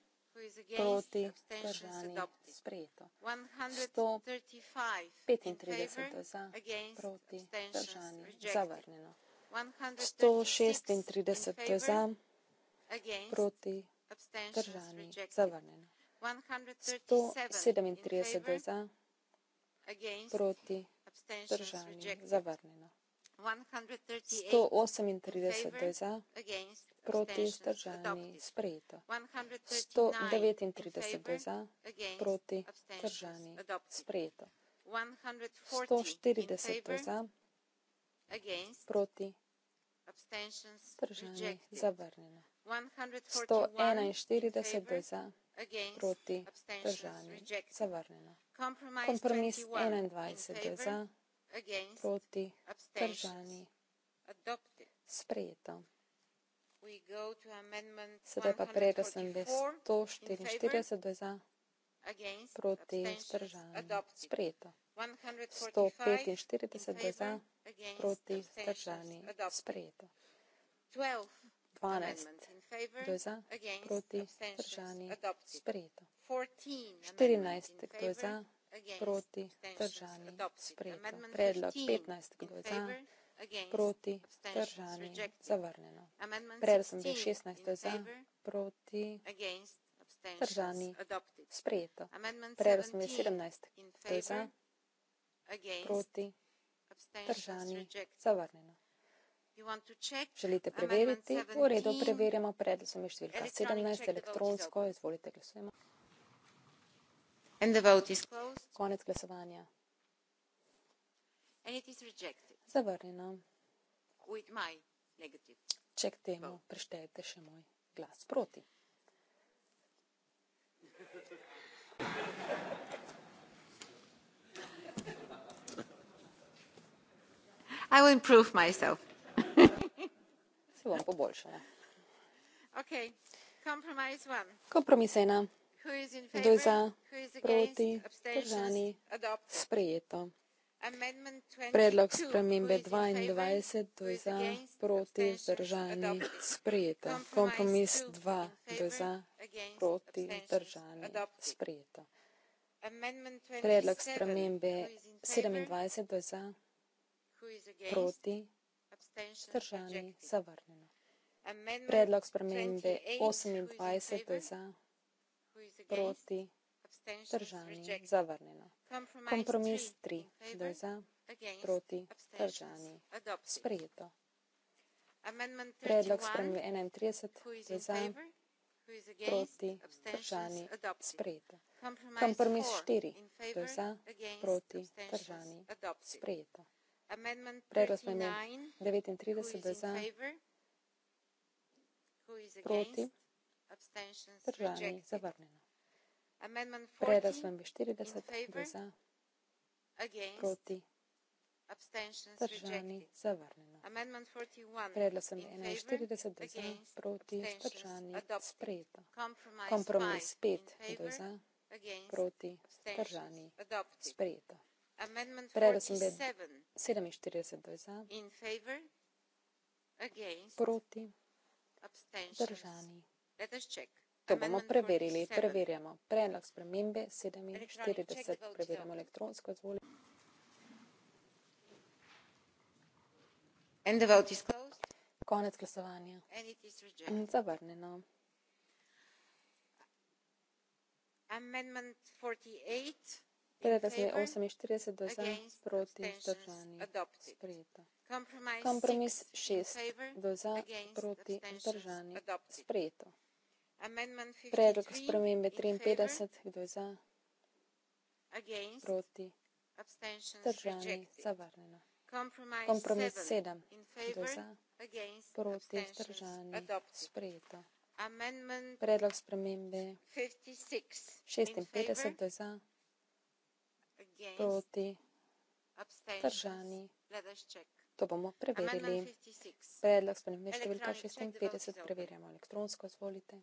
proti vzdržani sprejeto. 135 za, proti vzdržani zavrnjeno. 136 za, proti vzdržani zavrnjeno. 137 za, proti vzdržani zavrnjeno. 138 je za, proti vzdržani sprejeto. 139 je za, proti vzdržani sprejeto. 140 je za, proti vzdržani zavrnjeno. 141 je za, proti vzdržani zavrnjeno. Kompromis 21 je za proti vzdržani. Sprejeto. Sedaj pa prejeto sem bil 144 do za, proti vzdržani. Sprejeto. 145 do za, proti vzdržani. Sprejeto. 12 do za, proti vzdržani. Sprejeto. 14 do za, proti vzdržani proti držani sprejeta. Predlog 15, kdo je za, proti držani zavrnjeno. Predlog 16, kdo je za, proti držani sprejeto. Predlog 17, kdo je za, proti držani zavrnjeno. Želite preveriti? V redu, preverjamo predlog številka 17 elektronsko. Izvolite, glasujemo konec glasovanja zavrnjeno če k temu prištejete še moj glas proti I will improve myself. <laughs> Se bom poboljšala. Okay. Compromise one. Kompromis ena. Kdo je za, proti, vzdržani, sprejeto. Predlog spremembe 22, kdo je za, proti, vzdržani, sprejeto. Kompromis 2, kdo je za, proti, vzdržani, sprejeto. Predlog spremembe 27, kdo je za, proti, vzdržani, zavrnjeno. Predlog spremembe 28, kdo je za, proti, vzdržani, zavrnjeno proti držani zavrnjeno. Kompromis 3, kdo je za, proti držani sprejeto. Predlog spremljiv 31, kdo je za, proti držani sprejeto. Kompromis 4, kdo je za, proti držani sprejeto. Predlog spremljiv 39, kdo je za, proti držani sprejeto. Vzdržani je zavrnjeno. Predlog sem bi 40 za, proti. Vzdržani je zavrnjeno. Predlog sem bi 41 za, proti. Vzdržani je sprejeto. Kompromis 5 za, proti. Vzdržani je sprejeto. Predlog sem bi 47 za, proti. Vzdržani je sprejeto. To bomo preverili, preverjamo. Predlog spremembe 47, preverjamo elektronsko izvolitev. And the vote is closed. Konec glasovanja. And it is rejected. Zavrneno. Amendment 48. Predlog 48 do za proti zdržanju. Sprejeto. Kompromis 6 do za proti zdržanju. Sprejeto. Predlog spremembe 53, kdo je za? Proti? Zdržani? Zavrnjeno. Kompromis 7, kdo je za? Proti? Zdržani? Sprejeto. Predlog spremembe 56, kdo je za? Proti? Zdržani? To bomo preverili. Predlog spremembe številka 56 preverjamo elektronsko, zvolite.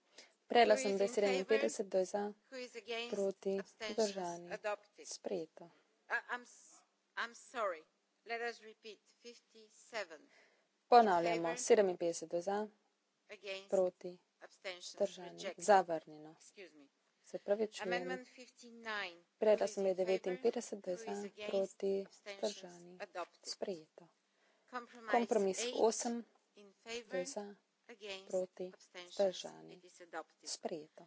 Predla sem 257 do za, proti, vzdržani. Sprejeto. Ponavljamo, 57 do za, proti, vzdržani, zavrnjeno. Se pravi, čujem. Predla sem 59 do za, proti, vzdržani. Sprejeto. Kompromis 8 do za, proti, vzdržani proti vzdržani. Sprejeto.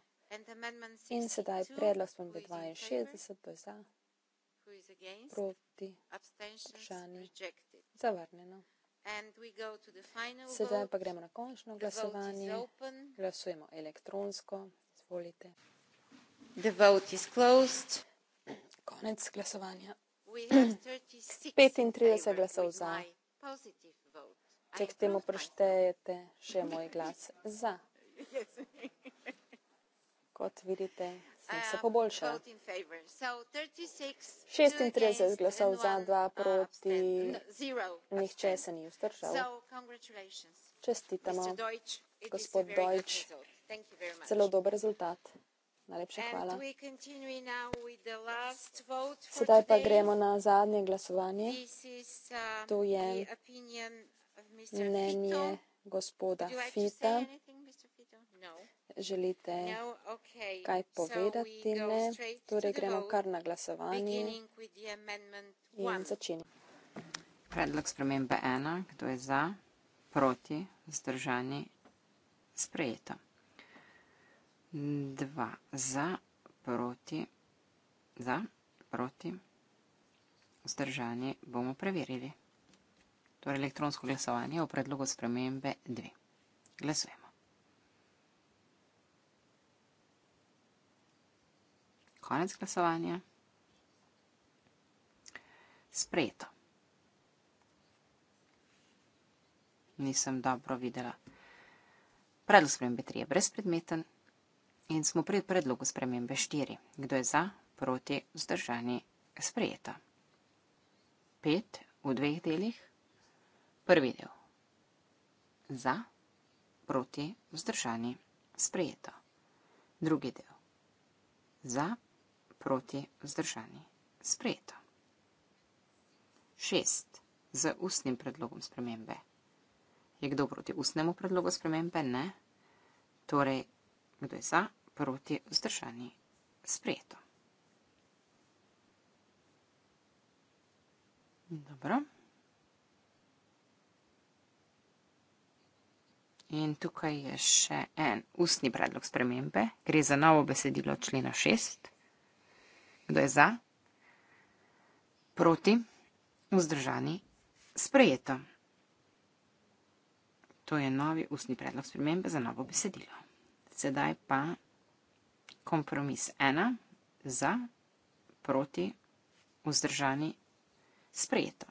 In sedaj predlog spremembe 62 bo za, proti vzdržani, zavrnjeno. Sedaj pa gremo na končno glasovanje. Glasujemo elektronsko. Izvolite. Konec glasovanja. 35 <clears throat> glasov za. Pozitivno če k temu proštejete še moj glas za. Kot vidite, sem se um, poboljšal. 36 glasov za, 2 proti, no, nihče se ni vzdržal. Čestitamo, gospod Deutsch. Zelo dober rezultat. Najlepša hvala. Sedaj pa gremo na zadnje glasovanje. Tu um, je mnenje gospoda Fita. No. Želite no, kaj povedati? Ne. Torej gremo kar na glasovanje in začenjamo. Predlog spremembe ena, kdo je za, proti, zdržani, sprejeto. Dva za, proti, za, proti, zdržani bomo preverili torej elektronsko glasovanje o predlogu spremembe 2. Glasujemo. Konec glasovanja. Sprejeto. Nisem dobro videla. Predlog spremembe 3 je brezpredmeten in smo pri predlogu spremembe 4. Kdo je za, proti, vzdržani, sprejeta. 5 v dveh delih, Prvi del. Za, proti, vzdržani, sprejeto. Drugi del. Za, proti, vzdržani, sprejeto. Šest. Z ustnim predlogom spremembe. Je kdo proti ustnemu predlogu spremembe? Ne. Torej, kdo je za, proti, vzdržani, sprejeto. Dobro. In tukaj je še en ustni predlog spremembe. Gre za novo besedilo člena 6. Kdo je za? Proti? Vzdržani? Sprejeto. To je novi ustni predlog spremembe za novo besedilo. Sedaj pa kompromis 1 za, proti, vzdržani, sprejeto.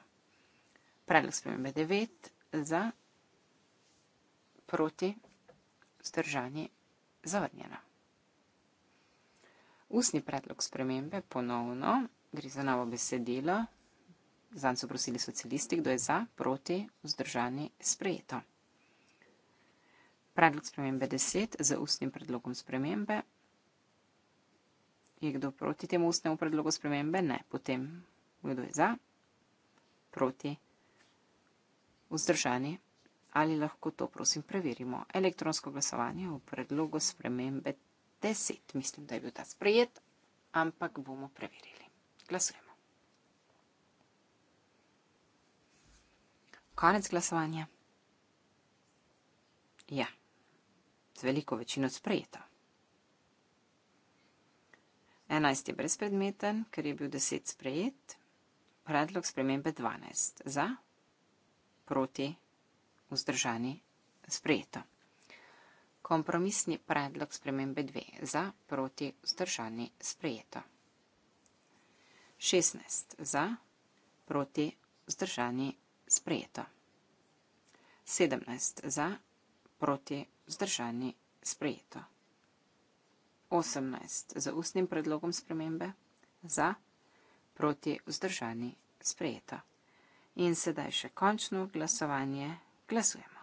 Predlog spremembe 9 za, proti, vzdržani, zavrnjena. Usni predlog spremembe ponovno, gre za novo besedilo, zanj so prosili socialisti, kdo je za, proti, vzdržani, sprejeto. Predlog spremembe 10 z ustnim predlogom spremembe. Je kdo proti temu ustnemu predlogu spremembe? Ne. Potem kdo je za? Proti. Vzdržani ali lahko to, prosim, preverimo. Elektronsko glasovanje v predlogu spremembe 10. Mislim, da je bil ta sprejet, ampak bomo preverili. Glasujemo. Konec glasovanja. Ja, z veliko večino sprejeto. 11 je brezpredmeten, ker je bil 10 sprejet. Predlog spremembe 12. Za? Proti? vzdržani sprejeto. Kompromisni predlog spremembe 2 za, proti, vzdržani sprejeto. 16 za, proti, vzdržani sprejeto. 17 za, proti, vzdržani sprejeto. 18 za ustnim predlogom spremembe za, proti, vzdržani sprejeto. In sedaj še končno glasovanje. Glasujemo.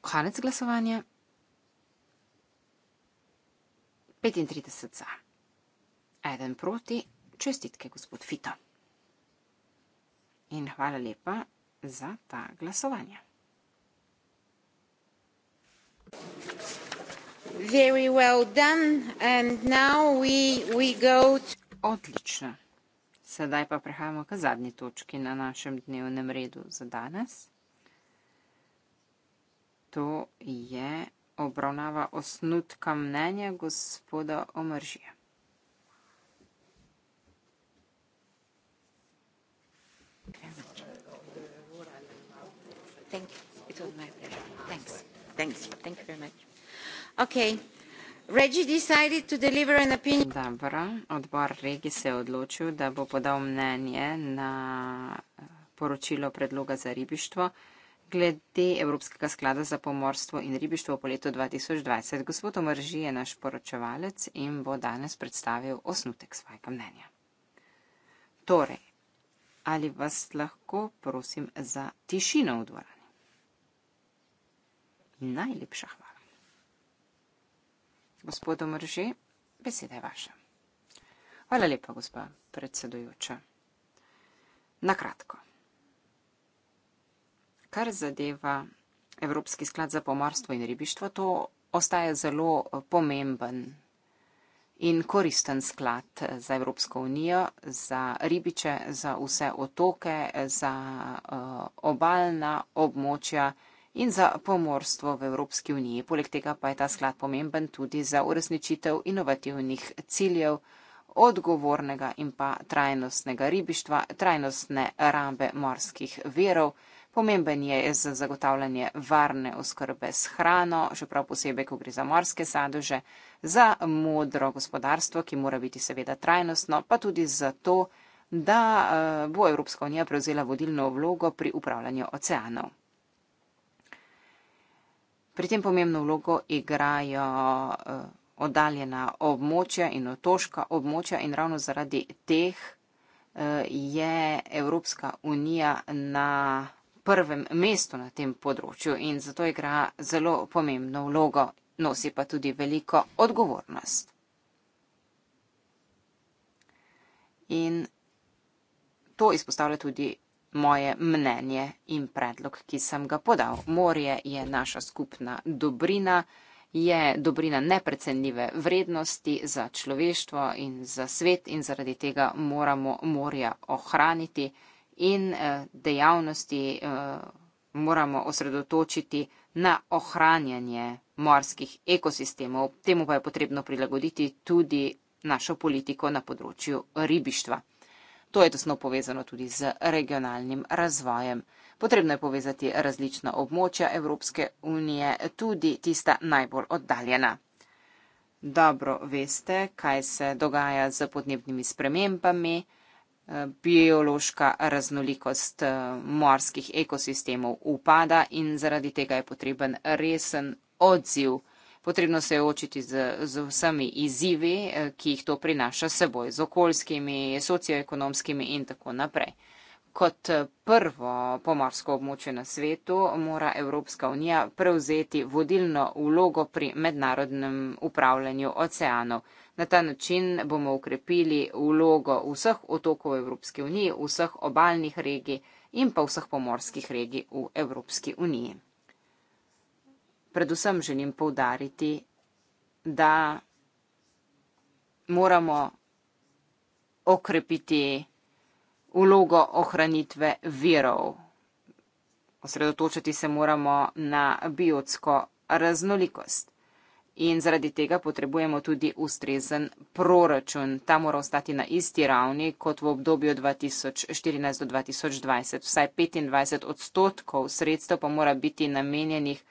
Konec glasovanja. 35 za. Eden proti. Čestitke, gospod Fito. In hvala lepa za ta glasovanja. Very well done, and now we, we go to... Odlično. Sedaj pa prehajamo k zadnji točki na našem dnevnem redu za danes. To je obravnava osnutka mnenja gospoda Omržija. Thank you. It was my pleasure. Thanks. Thanks. Thank you very much. Okay. Dobro, odbor regij se je odločil, da bo podal mnenje na eh, poročilo predloga za ribištvo glede Evropskega sklada za pomorstvo in ribištvo po letu 2020. Gospod Omrži je naš poročevalec in bo danes predstavil osnutek svojega mnenja. Torej, ali vas lahko prosim za tišino v dvorani? Najlepša hvala. Gospodu Mrže, beseda je vaša. Hvala lepa, gospa predsedujoča. Nakratko. Kar zadeva Evropski sklad za pomorstvo in ribištvo, to ostaje zelo eh, pomemben in koristen sklad eh, za Evropsko unijo, za ribiče, za vse otoke, za eh, obaljna območja, in za pomorstvo v Evropski uniji. Poleg tega pa je ta sklad pomemben tudi za uresničitev inovativnih ciljev odgovornega in pa trajnostnega ribištva, trajnostne rambe morskih verov. Pomemben je za zagotavljanje varne oskrbe s hrano, še prav posebej, ko gre za morske sadože, za modro gospodarstvo, ki mora biti seveda trajnostno, pa tudi za to, da eh, bo Evropska unija prevzela vodilno vlogo pri upravljanju oceanov. Pri tem pomembno vlogo igrajo eh, oddaljena območja in otoška območja in ravno zaradi teh eh, je Evropska unija na prvem mestu na tem področju in zato igra zelo pomembno vlogo, nosi pa tudi veliko odgovornost. In to izpostavlja tudi moje mnenje in predlog, ki sem ga podal. Morje je naša skupna dobrina, je dobrina neprecenljive vrednosti za človeštvo in za svet in zaradi tega moramo morja ohraniti in eh, dejavnosti eh, moramo osredotočiti na ohranjanje morskih ekosistemov. Temu pa je potrebno prilagoditi tudi našo politiko na področju ribištva. To je tesno povezano tudi z regionalnim razvojem. Potrebno je povezati različna območja Evropske unije, tudi tista najbolj oddaljena. Dobro veste, kaj se dogaja z podnebnimi spremembami. Biološka raznolikost eh, morskih ekosistemov upada in zaradi tega je potreben resen odziv. Potrebno se je očiti z, z vsemi izzivi, eh, ki jih to prinaša seboj, z okoljskimi, socioekonomskimi in tako naprej. Kot eh, prvo pomorsko območje na svetu mora Evropska unija prevzeti vodilno vlogo pri mednarodnem upravljanju oceanov. Na ta način bomo ukrepili vlogo vseh otokov Evropske unije, vseh obaljnih regij in pa vseh pomorskih regij v Evropski uniji predvsem želim poudariti, da moramo okrepiti ulogo ohranitve virov. Osredotočiti se moramo na biotsko raznolikost. In zaradi tega potrebujemo tudi ustrezen proračun. Ta mora ostati na isti ravni kot v obdobju 2014-2020. Vsaj 25 odstotkov sredstev pa mora biti namenjenih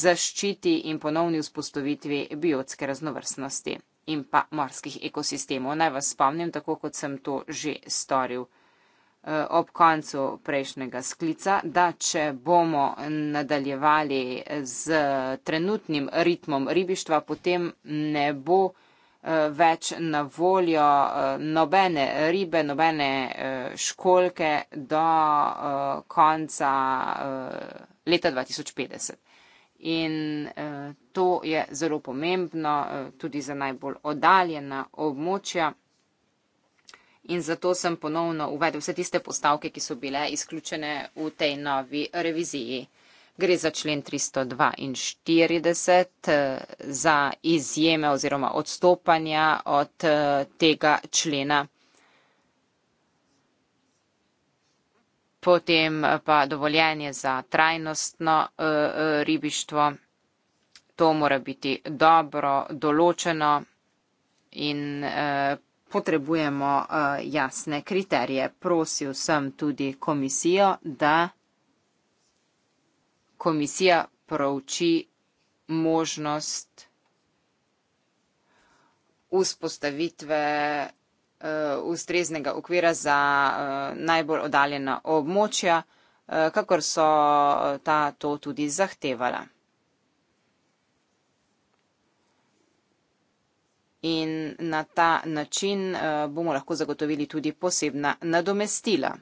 zaščiti in ponovni vzpostavitvi biotske raznovrstnosti in pa morskih ekosistemov. Naj vas spomnim, tako kot sem to že storil eh, ob koncu prejšnjega sklica, da če bomo nadaljevali z trenutnim ritmom ribištva, potem ne bo eh, več na voljo eh, nobene ribe, nobene školke do konca leta 2050 in eh, to je zelo pomembno eh, tudi za najbolj oddaljena območja. In zato sem ponovno uvedel vse tiste postavke, ki so bile izključene v tej novi reviziji. Gre za člen 342 eh, za izjeme oziroma odstopanja od tega člena. potem eh, pa dovoljenje za trajnostno eh, eh, ribištvo. To mora biti dobro določeno in potrebujemo jasne kriterije. Prosil sem tudi komisijo, da komisija prouči možnost vzpostavitve Eh, ustreznega okvira za eh, najbolj odaljena območja, eh, kakor so ta to tudi zahtevala. In na ta način bomo lahko zagotovili tudi posebna nadomestila.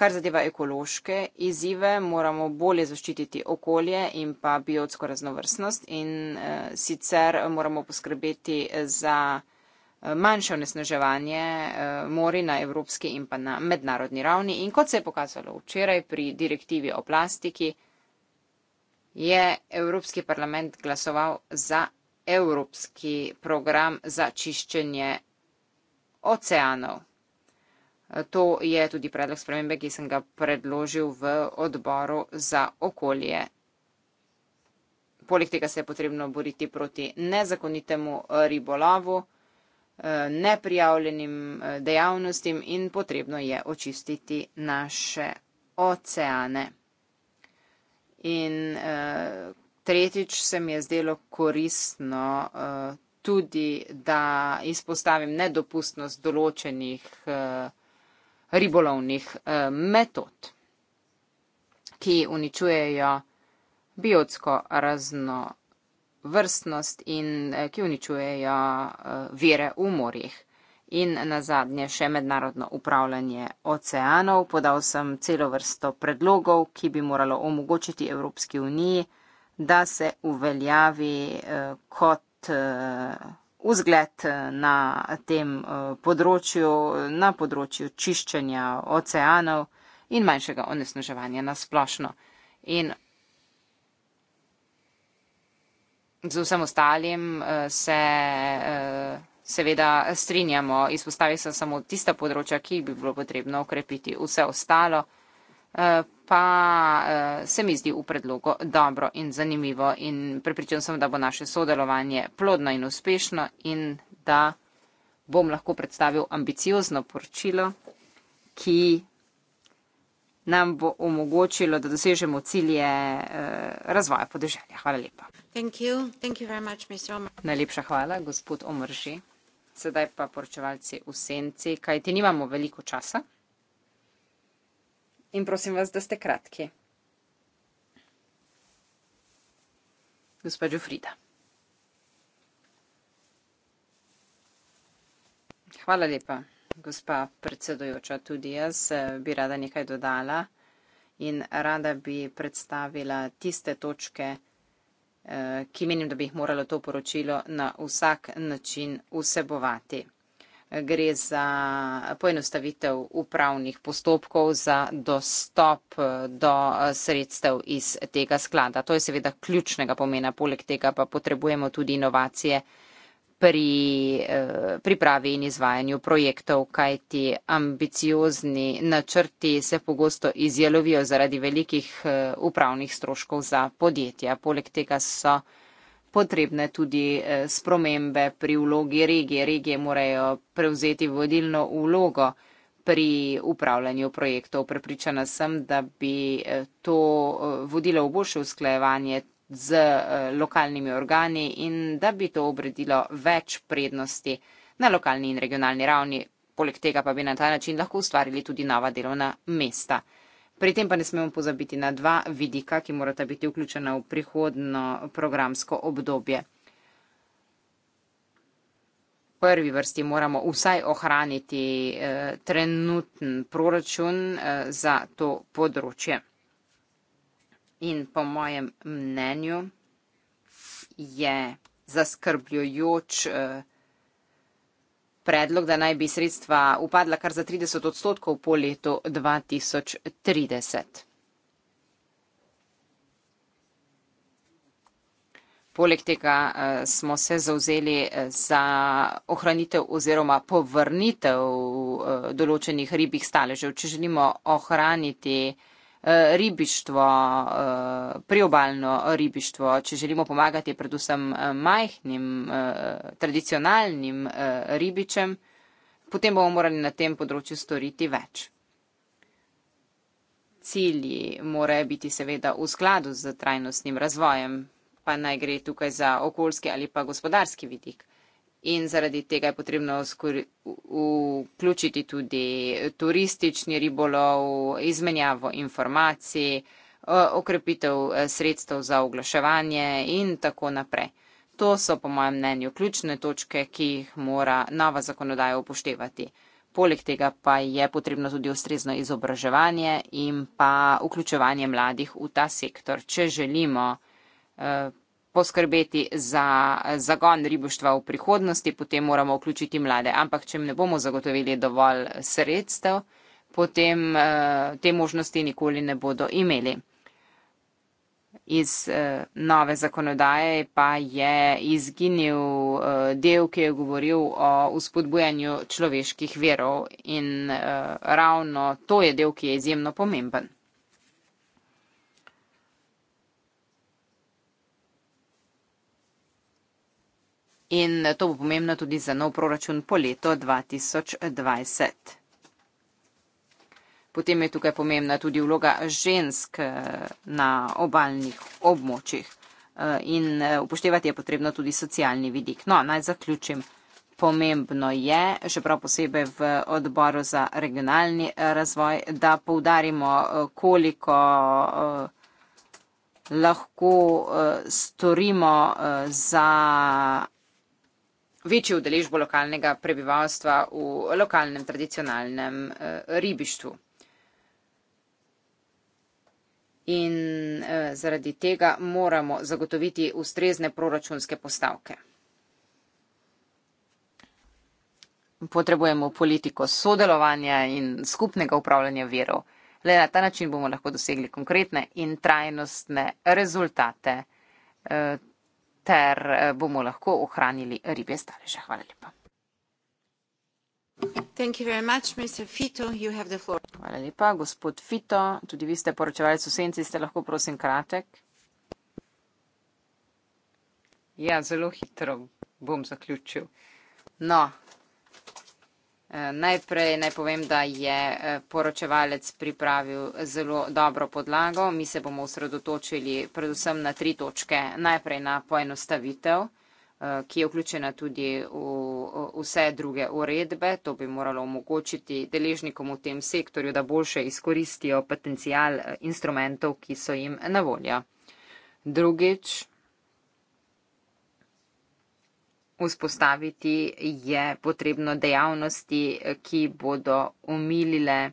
Kar zadeva ekološke izzive, moramo bolje zaščititi okolje in pa biotsko raznovrstnost in uh, sicer moramo poskrbeti za eh, manjše onesnaževanje uh, eh, mori na evropski in pa na mednarodni ravni. In kot se je pokazalo včeraj pri direktivi o plastiki, je Evropski parlament glasoval za evropski program za čiščenje oceanov. To je tudi predlog spremembe, ki sem ga predložil v odboru za okolje. Poleg tega se je potrebno boriti proti nezakonitemu ribolavu, eh, neprijavljenim eh, dejavnostim in potrebno je očistiti naše oceane. In eh, tretjič se mi je zdelo koristno tudi, da izpostavim nedopustnost določenih ribolovnih eh, metod, ki uničujejo biotsko raznovrstnost in eh, ki uničujejo eh, vire v morjih. In na zadnje še mednarodno upravljanje oceanov. Podal sem celo vrsto predlogov, ki bi moralo omogočiti Evropski uniji, da se uveljavi kot vzgled eh, na tem eh, področju, na področju čiščenja oceanov in manjšega onesnaževanja na splošno. In z vsem ostalim eh, se seveda strinjamo, izpostavi se samo tista področja, ki bi bilo potrebno ukrepiti vse ostalo. Eh, pa eh, se mi zdi v predlogu dobro in zanimivo in prepričan sem, da bo naše sodelovanje plodno in uspešno in da bom lahko predstavil ambiciozno poročilo, ki nam bo omogočilo, da dosežemo cilje eh, razvoja podeželja. Hvala lepa. Thank you. Thank you very much, Najlepša hvala, gospod Omrži. Sedaj pa poročevalci v senci, kajti nimamo veliko časa in prosim vas, da ste kratki. Gospod Jofrida. Hvala lepa, gospa predsedojoča. Tudi jaz eh, bi rada nekaj dodala in rada bi predstavila tiste točke, eh, ki menim, da bi jih moralo to poročilo na vsak način vsebovati gre za poenostavitev upravnih postopkov za dostop do eh, sredstev iz tega sklada. To je seveda ključnega pomena, poleg tega pa potrebujemo tudi inovacije pri eh, pripravi in izvajanju projektov, kajti ambiciozni načrti se pogosto izjelovijo zaradi velikih eh, upravnih stroškov za podjetja. Poleg tega so potrebne tudi eh, spremembe pri vlogi regije. Regije morajo prevzeti vodilno vlogo pri upravljanju projektov. Prepričana sem, da bi eh, to eh, vodilo v boljše usklajevanje z lokalnimi organi in da bi to obredilo več prednosti na lokalni in regionalni ravni. Poleg tega pa bi na ta način lahko ustvarili tudi nova delovna mesta. Pri tem pa ne smemo pozabiti na dva vidika, ki morata biti vključena v prihodno programsko obdobje. Prvi vrsti moramo vsaj ohraniti eh, trenutni proračun eh, za to področje. In po mojem mnenju je zaskrbljujoč. Eh, predlog, da naj bi sredstva upadla kar za 30 odstotkov po letu 2030. Poleg tega eh, smo se zauzeli eh, za ohranitev oziroma povrnitev eh, določenih ribih staležev. Če želimo ohraniti Eh, ribištvo, eh, priobalno ribištvo, če želimo pomagati predvsem eh, majhnim, tradicionalnim ribičem, potem bomo morali na tem področju storiti več. Cilji morajo biti seveda v skladu z trajnostnim razvojem, pa naj gre tukaj za okoljski ali pa gospodarski vidik in zaradi tega je potrebno vključiti tudi turistični ribolov, izmenjavo informacij, okrepitev eh, sredstev za oglaševanje in tako naprej. To so po mojem mnenju ključne točke, ki jih mora nova zakonodaja upoštevati. Poleg tega pa je potrebno tudi ustrezno izobraževanje in pa vključevanje mladih v ta sektor, če želimo eh, poskrbeti za zagon ribištva v prihodnosti, potem moramo vključiti mlade. Ampak, če jim ne bomo zagotovili dovolj sredstev, potem eh, te možnosti nikoli ne bodo imeli. Iz eh, nove zakonodaje pa je izginil eh, del, ki je govoril o uspodbujanju človeških verov in ravno to je del, ki je izjemno pomemben. in to bo pomembno tudi za nov proračun po leto 2020. Potem je tukaj pomembna tudi vloga žensk eh, na obaljnih območjih eh, in eh, upoštevati je potrebno tudi socialni vidik. No, naj zaključim. Pomembno je, še prav posebej v odboru za regionalni razvoj, da poudarimo, koliko lahko storimo za večjo udeležbo lokalnega prebivalstva v lokalnem tradicionalnem eh, ribištvu. In eh, zaradi tega moramo zagotoviti ustrezne proračunske postavke. Potrebujemo politiko sodelovanja in skupnega upravljanja verov. Le na ta način bomo lahko dosegli konkretne in trajnostne rezultate. Eh, ter eh, bomo lahko ohranili ribje staleže. Hvala lepa. Hvala lepa, gospod Fito. Tudi vi ste poročevalec v senci, ste lahko prosim kratek. Ja, zelo hitro bom zaključil. No, Eh, najprej naj povem, da je eh, poročevalec pripravil zelo dobro podlago. Mi se bomo usredotočili predvsem na tri točke. Najprej na poenostavitev, eh, ki je vključena tudi v vse druge uredbe. To bi moralo omogočiti deležnikom v tem sektorju, da boljše izkoristijo potencijal instrumentov, ki so jim na voljo. Drugič, vzpostaviti je potrebno dejavnosti, ki bodo umilile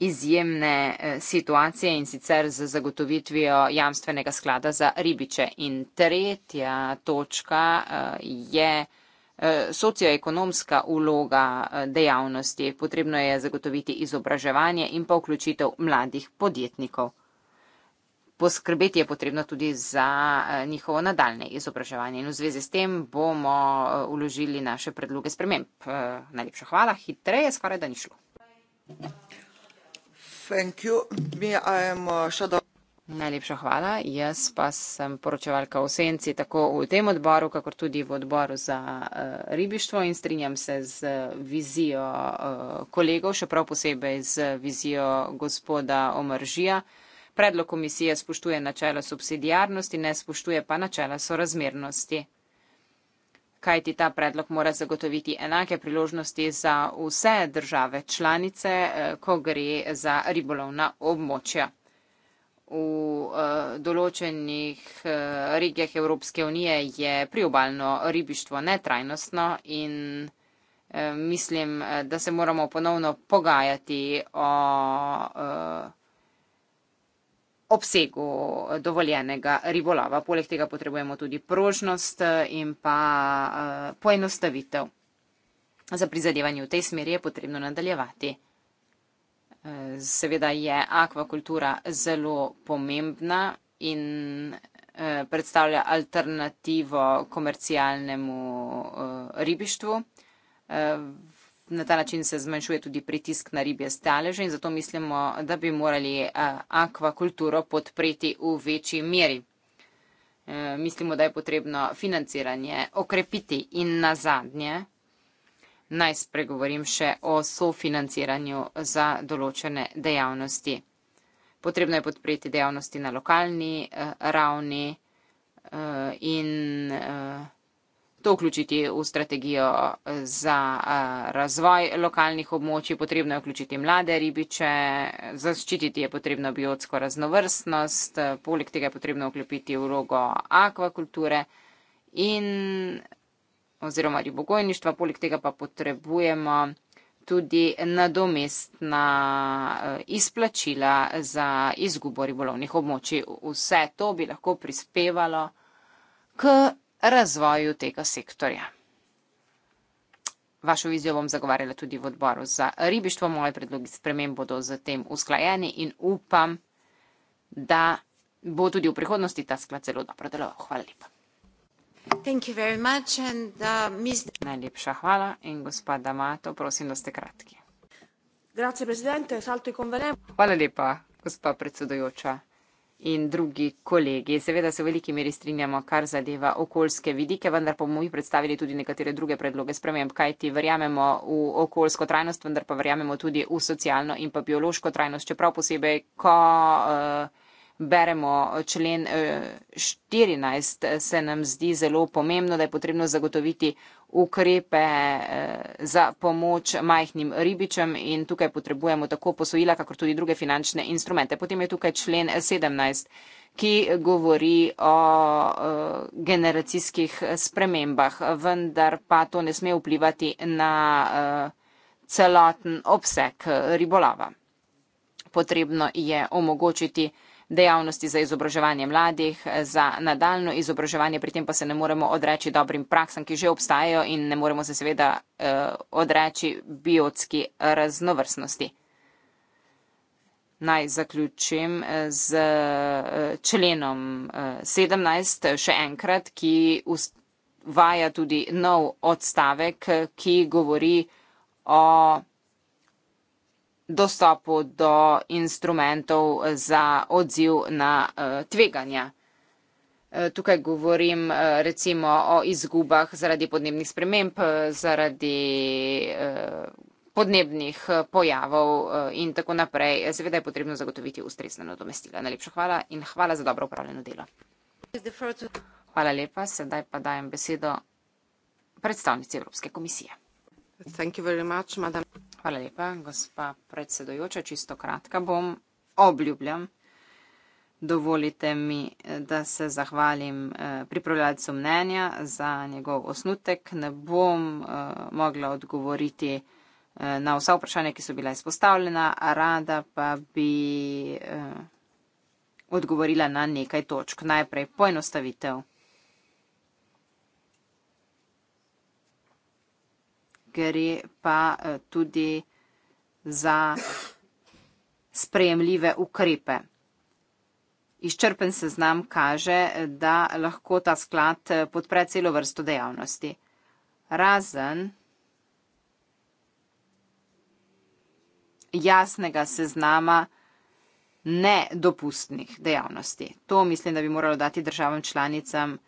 izjemne eh, situacije in sicer z zagotovitvijo jamstvenega sklada za ribiče. In tretja točka eh, je eh, socioekonomska uloga dejavnosti. Potrebno je zagotoviti izobraževanje in pa vključitev mladih podjetnikov poskrbeti je potrebno tudi za eh, njihovo nadaljne izobraževanje. In v zvezi s tem bomo uložili eh, naše predloge sprememb. Eh, najlepša hvala, hitreje skoraj da ni šlo. Najlepša hvala. Jaz pa sem poročevalka v senci tako v tem odboru, kakor tudi v odboru za ribištvo in strinjam se z vizijo kolegov, še prav posebej z vizijo gospoda Omržija. Predlog komisije spoštuje načelo subsidijarnosti, ne spoštuje pa načela sorazmernosti. Kaj ti ta predlog mora zagotoviti enake priložnosti za vse države članice, eh, ko gre za ribolovna območja. V eh, določenih eh, regijah Evropske unije je priobalno ribištvo netrajnostno in mislim, da se moramo ponovno pogajati o obsegu eh, dovoljenega ribolova. Poleg tega potrebujemo tudi prožnost eh, in pa eh, poenostavitev. Za prizadevanje v tej smeri je potrebno nadaljevati. Seveda je akvakultura zelo pomembna in predstavlja alternativo komercialnemu ribištvu na ta način se zmanjšuje tudi pritisk na ribje staleže in zato mislimo, da bi morali eh, akvakulturo podpreti v večji meri. Eh, mislimo, da je potrebno financiranje okrepiti in na zadnje naj spregovorim še o sofinanciranju za določene dejavnosti. Potrebno je podpreti dejavnosti na lokalni eh, ravni in to vključiti v strategijo za razvoj lokalnih območij, potrebno je vključiti mlade ribiče, zaščititi je potrebno biotsko raznovrstnost, poleg tega je potrebno vklepiti vlogo akvakulture in oziroma ribogojništva, poleg tega pa potrebujemo tudi nadomestna izplačila za izgubo ribolovnih območij. Vse to bi lahko prispevalo k razvoju tega sektorja. Vašo vizijo bom zagovarjala tudi v odboru za ribištvo. Moje predlogi sprememb bodo zatem usklajeni in upam, da bo tudi v prihodnosti ta sklad zelo dobro deloval. Hvala lepa. Much, and, uh, mis... Najlepša hvala in gospod Damato, prosim, da ste kratki. Hvala lepa, gospa predsedujoča in drugi kolegi. Seveda se v veliki meri strinjamo, kar zadeva okoljske vidike, vendar pa bomo mi predstavili tudi nekatere druge predloge sprememb, kajti verjamemo v okoljsko trajnost, vendar pa verjamemo tudi v socialno in pa biološko trajnost, čeprav posebej, ko eh, beremo člen 14, eh, se nam zdi zelo pomembno, da je potrebno zagotoviti ukrepe eh, za pomoč majhnim ribičem in tukaj potrebujemo tako posojila, kakor tudi druge finančne instrumente. Potem je tukaj člen 17, ki govori o eh, generacijskih spremembah, vendar pa to ne sme vplivati na eh, celoten obseg ribolava. Potrebno je omogočiti, dejavnosti za izobraževanje mladih, za nadaljno izobraževanje, pri tem pa se ne moremo odreči dobrim praksam, ki že obstajajo in ne moremo se seveda eh, odreči biotski raznovrstnosti. Naj zaključim z eh, členom 17 eh, še enkrat, ki vaja tudi nov odstavek, ki govori o dostopu do instrumentov za odziv na e, tveganja. E, tukaj govorim e, recimo o izgubah zaradi podnebnih sprememb, zaradi podnebnih pojavov in tako naprej. Seveda je potrebno zagotoviti ustrezna nadomestila. Najlepša hvala in hvala za dobro upravljeno delo. Hvala lepa. Sedaj pa dajem besedo predstavnici Evropske komisije. Thank you very much, madam. Hvala lepa, gospa predsedojoča. Čisto kratka bom, obljubljam. Dovolite mi, da se zahvalim eh, pripravljalcu mnenja za njegov osnutek. Ne bom eh, mogla odgovoriti eh, na vsa vprašanja, ki so bila izpostavljena, a rada pa bi odgovorila na nekaj točk. Najprej poenostavitev. gre pa eh, tudi za sprejemljive ukrepe. Izčrpen seznam kaže, da lahko ta sklad eh, podpre celo vrsto dejavnosti. Razen jasnega seznama nedopustnih dejavnosti. To mislim, da bi moralo dati državam članicam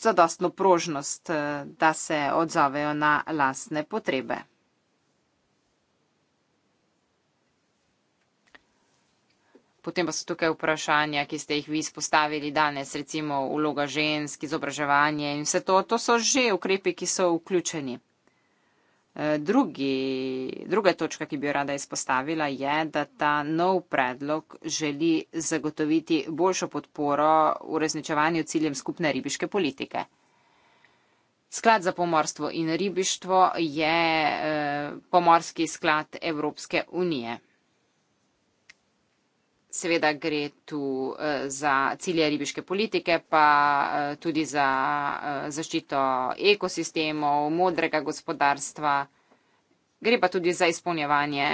zadostno prožnost, eh, da se odzovejo na lastne potrebe. Potem pa so tukaj vprašanja, ki ste jih vi izpostavili danes, recimo vloga žensk, izobraževanje in vse to. To so že ukrepi, ki so vključeni. E, drugi, druga točka, ki bi jo rada izpostavila, je, da ta nov predlog želi zagotoviti boljšo podporo v resničevanju ciljem skupne ribiške politike. Sklad za pomorstvo in ribištvo je eh, pomorski sklad Evropske unije seveda gre tu eh, za cilje ribiške politike, pa eh, tudi za eh, zaščito ekosistemov, modrega gospodarstva. Gre pa tudi za izpolnjevanje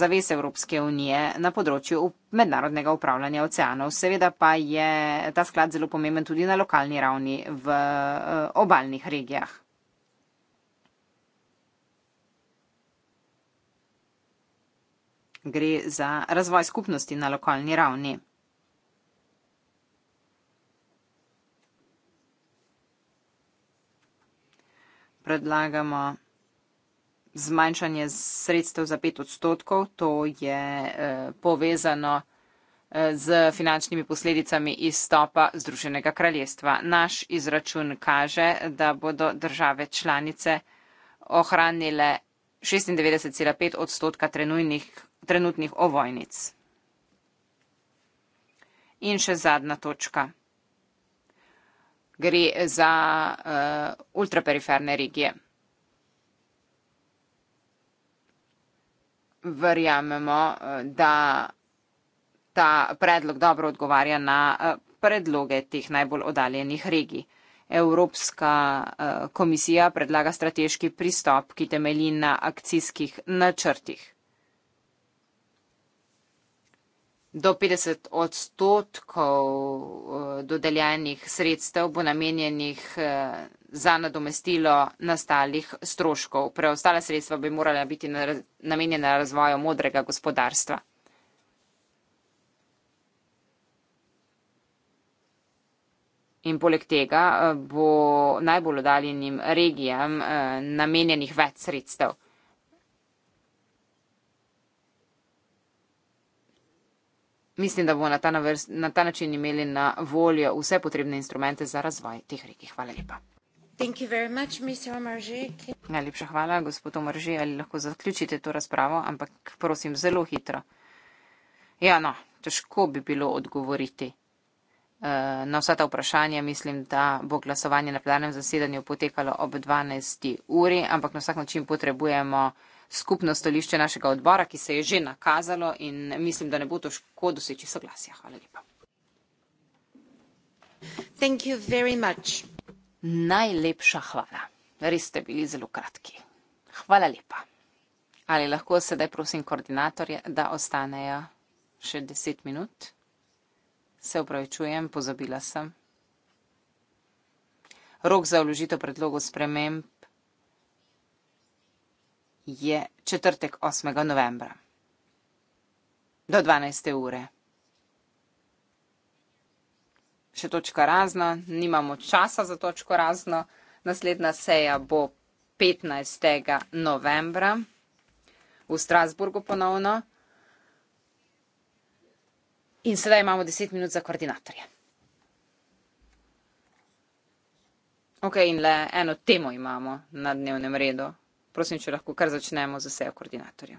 zavez Evropske unije na področju mednarodnega upravljanja oceanov. Seveda pa je ta sklad zelo pomemben tudi na lokalni ravni v obaljnih regijah. gre za razvoj skupnosti na lokalni ravni. Predlagamo zmanjšanje sredstev za pet odstotkov, to je eh, povezano eh, z finančnimi posledicami izstopa Združenega kraljestva. Naš izračun kaže, da bodo države članice ohranile 96,5 odstotka trenujnih, trenutnih ovojnic. In še zadnja točka. Gre za uh, ultraperiferne regije. Verjamemo, eh, da ta predlog dobro odgovarja na eh, predloge teh najbolj odaljenih regij. Evropska eh, komisija predlaga strateški pristop, ki temelji na akcijskih načrtih. Do 50 odstotkov eh, dodeljenih sredstev bo namenjenih eh, za nadomestilo nastalih stroškov. Preostala sredstva bi morala biti namenjena razvoju modrega gospodarstva. In poleg tega eh, bo najbolj odaljenim regijam eh, namenjenih več sredstev. Mislim, da bomo na ta, navrst, na ta način imeli na voljo vse potrebne instrumente za razvoj teh regij. Hvala lepa. Much, Najlepša hvala, gospod Omrži, ali lahko zaključite to razpravo, ampak prosim zelo hitro. Ja, no, težko bi bilo odgovoriti. Eh, na vsa ta vprašanja mislim, da bo glasovanje na plenarnem zasedanju potekalo ob 12. uri, ampak na vsak način potrebujemo skupno stolišče našega odbora, ki se je že nakazalo in mislim, da ne bo to škod doseči soglasja. Hvala lepa. Najlepša hvala. Res ste bili zelo kratki. Hvala lepa. Ali lahko sedaj prosim koordinatorje, da ostanejo še deset minut? Se upravičujem, pozabila sem. Rok za vložitev predlogov sprememb je četrtek 8. novembra do 12. ure. Še točka razno, nimamo časa za točko razno. Naslednja seja bo 15. novembra v Strasburgu ponovno. In sedaj imamo 10 minut za koordinatorje. Ok, in le eno temo imamo na dnevnem redu. Prosim, če lahko kar začnemo z vsejo koordinatorjev.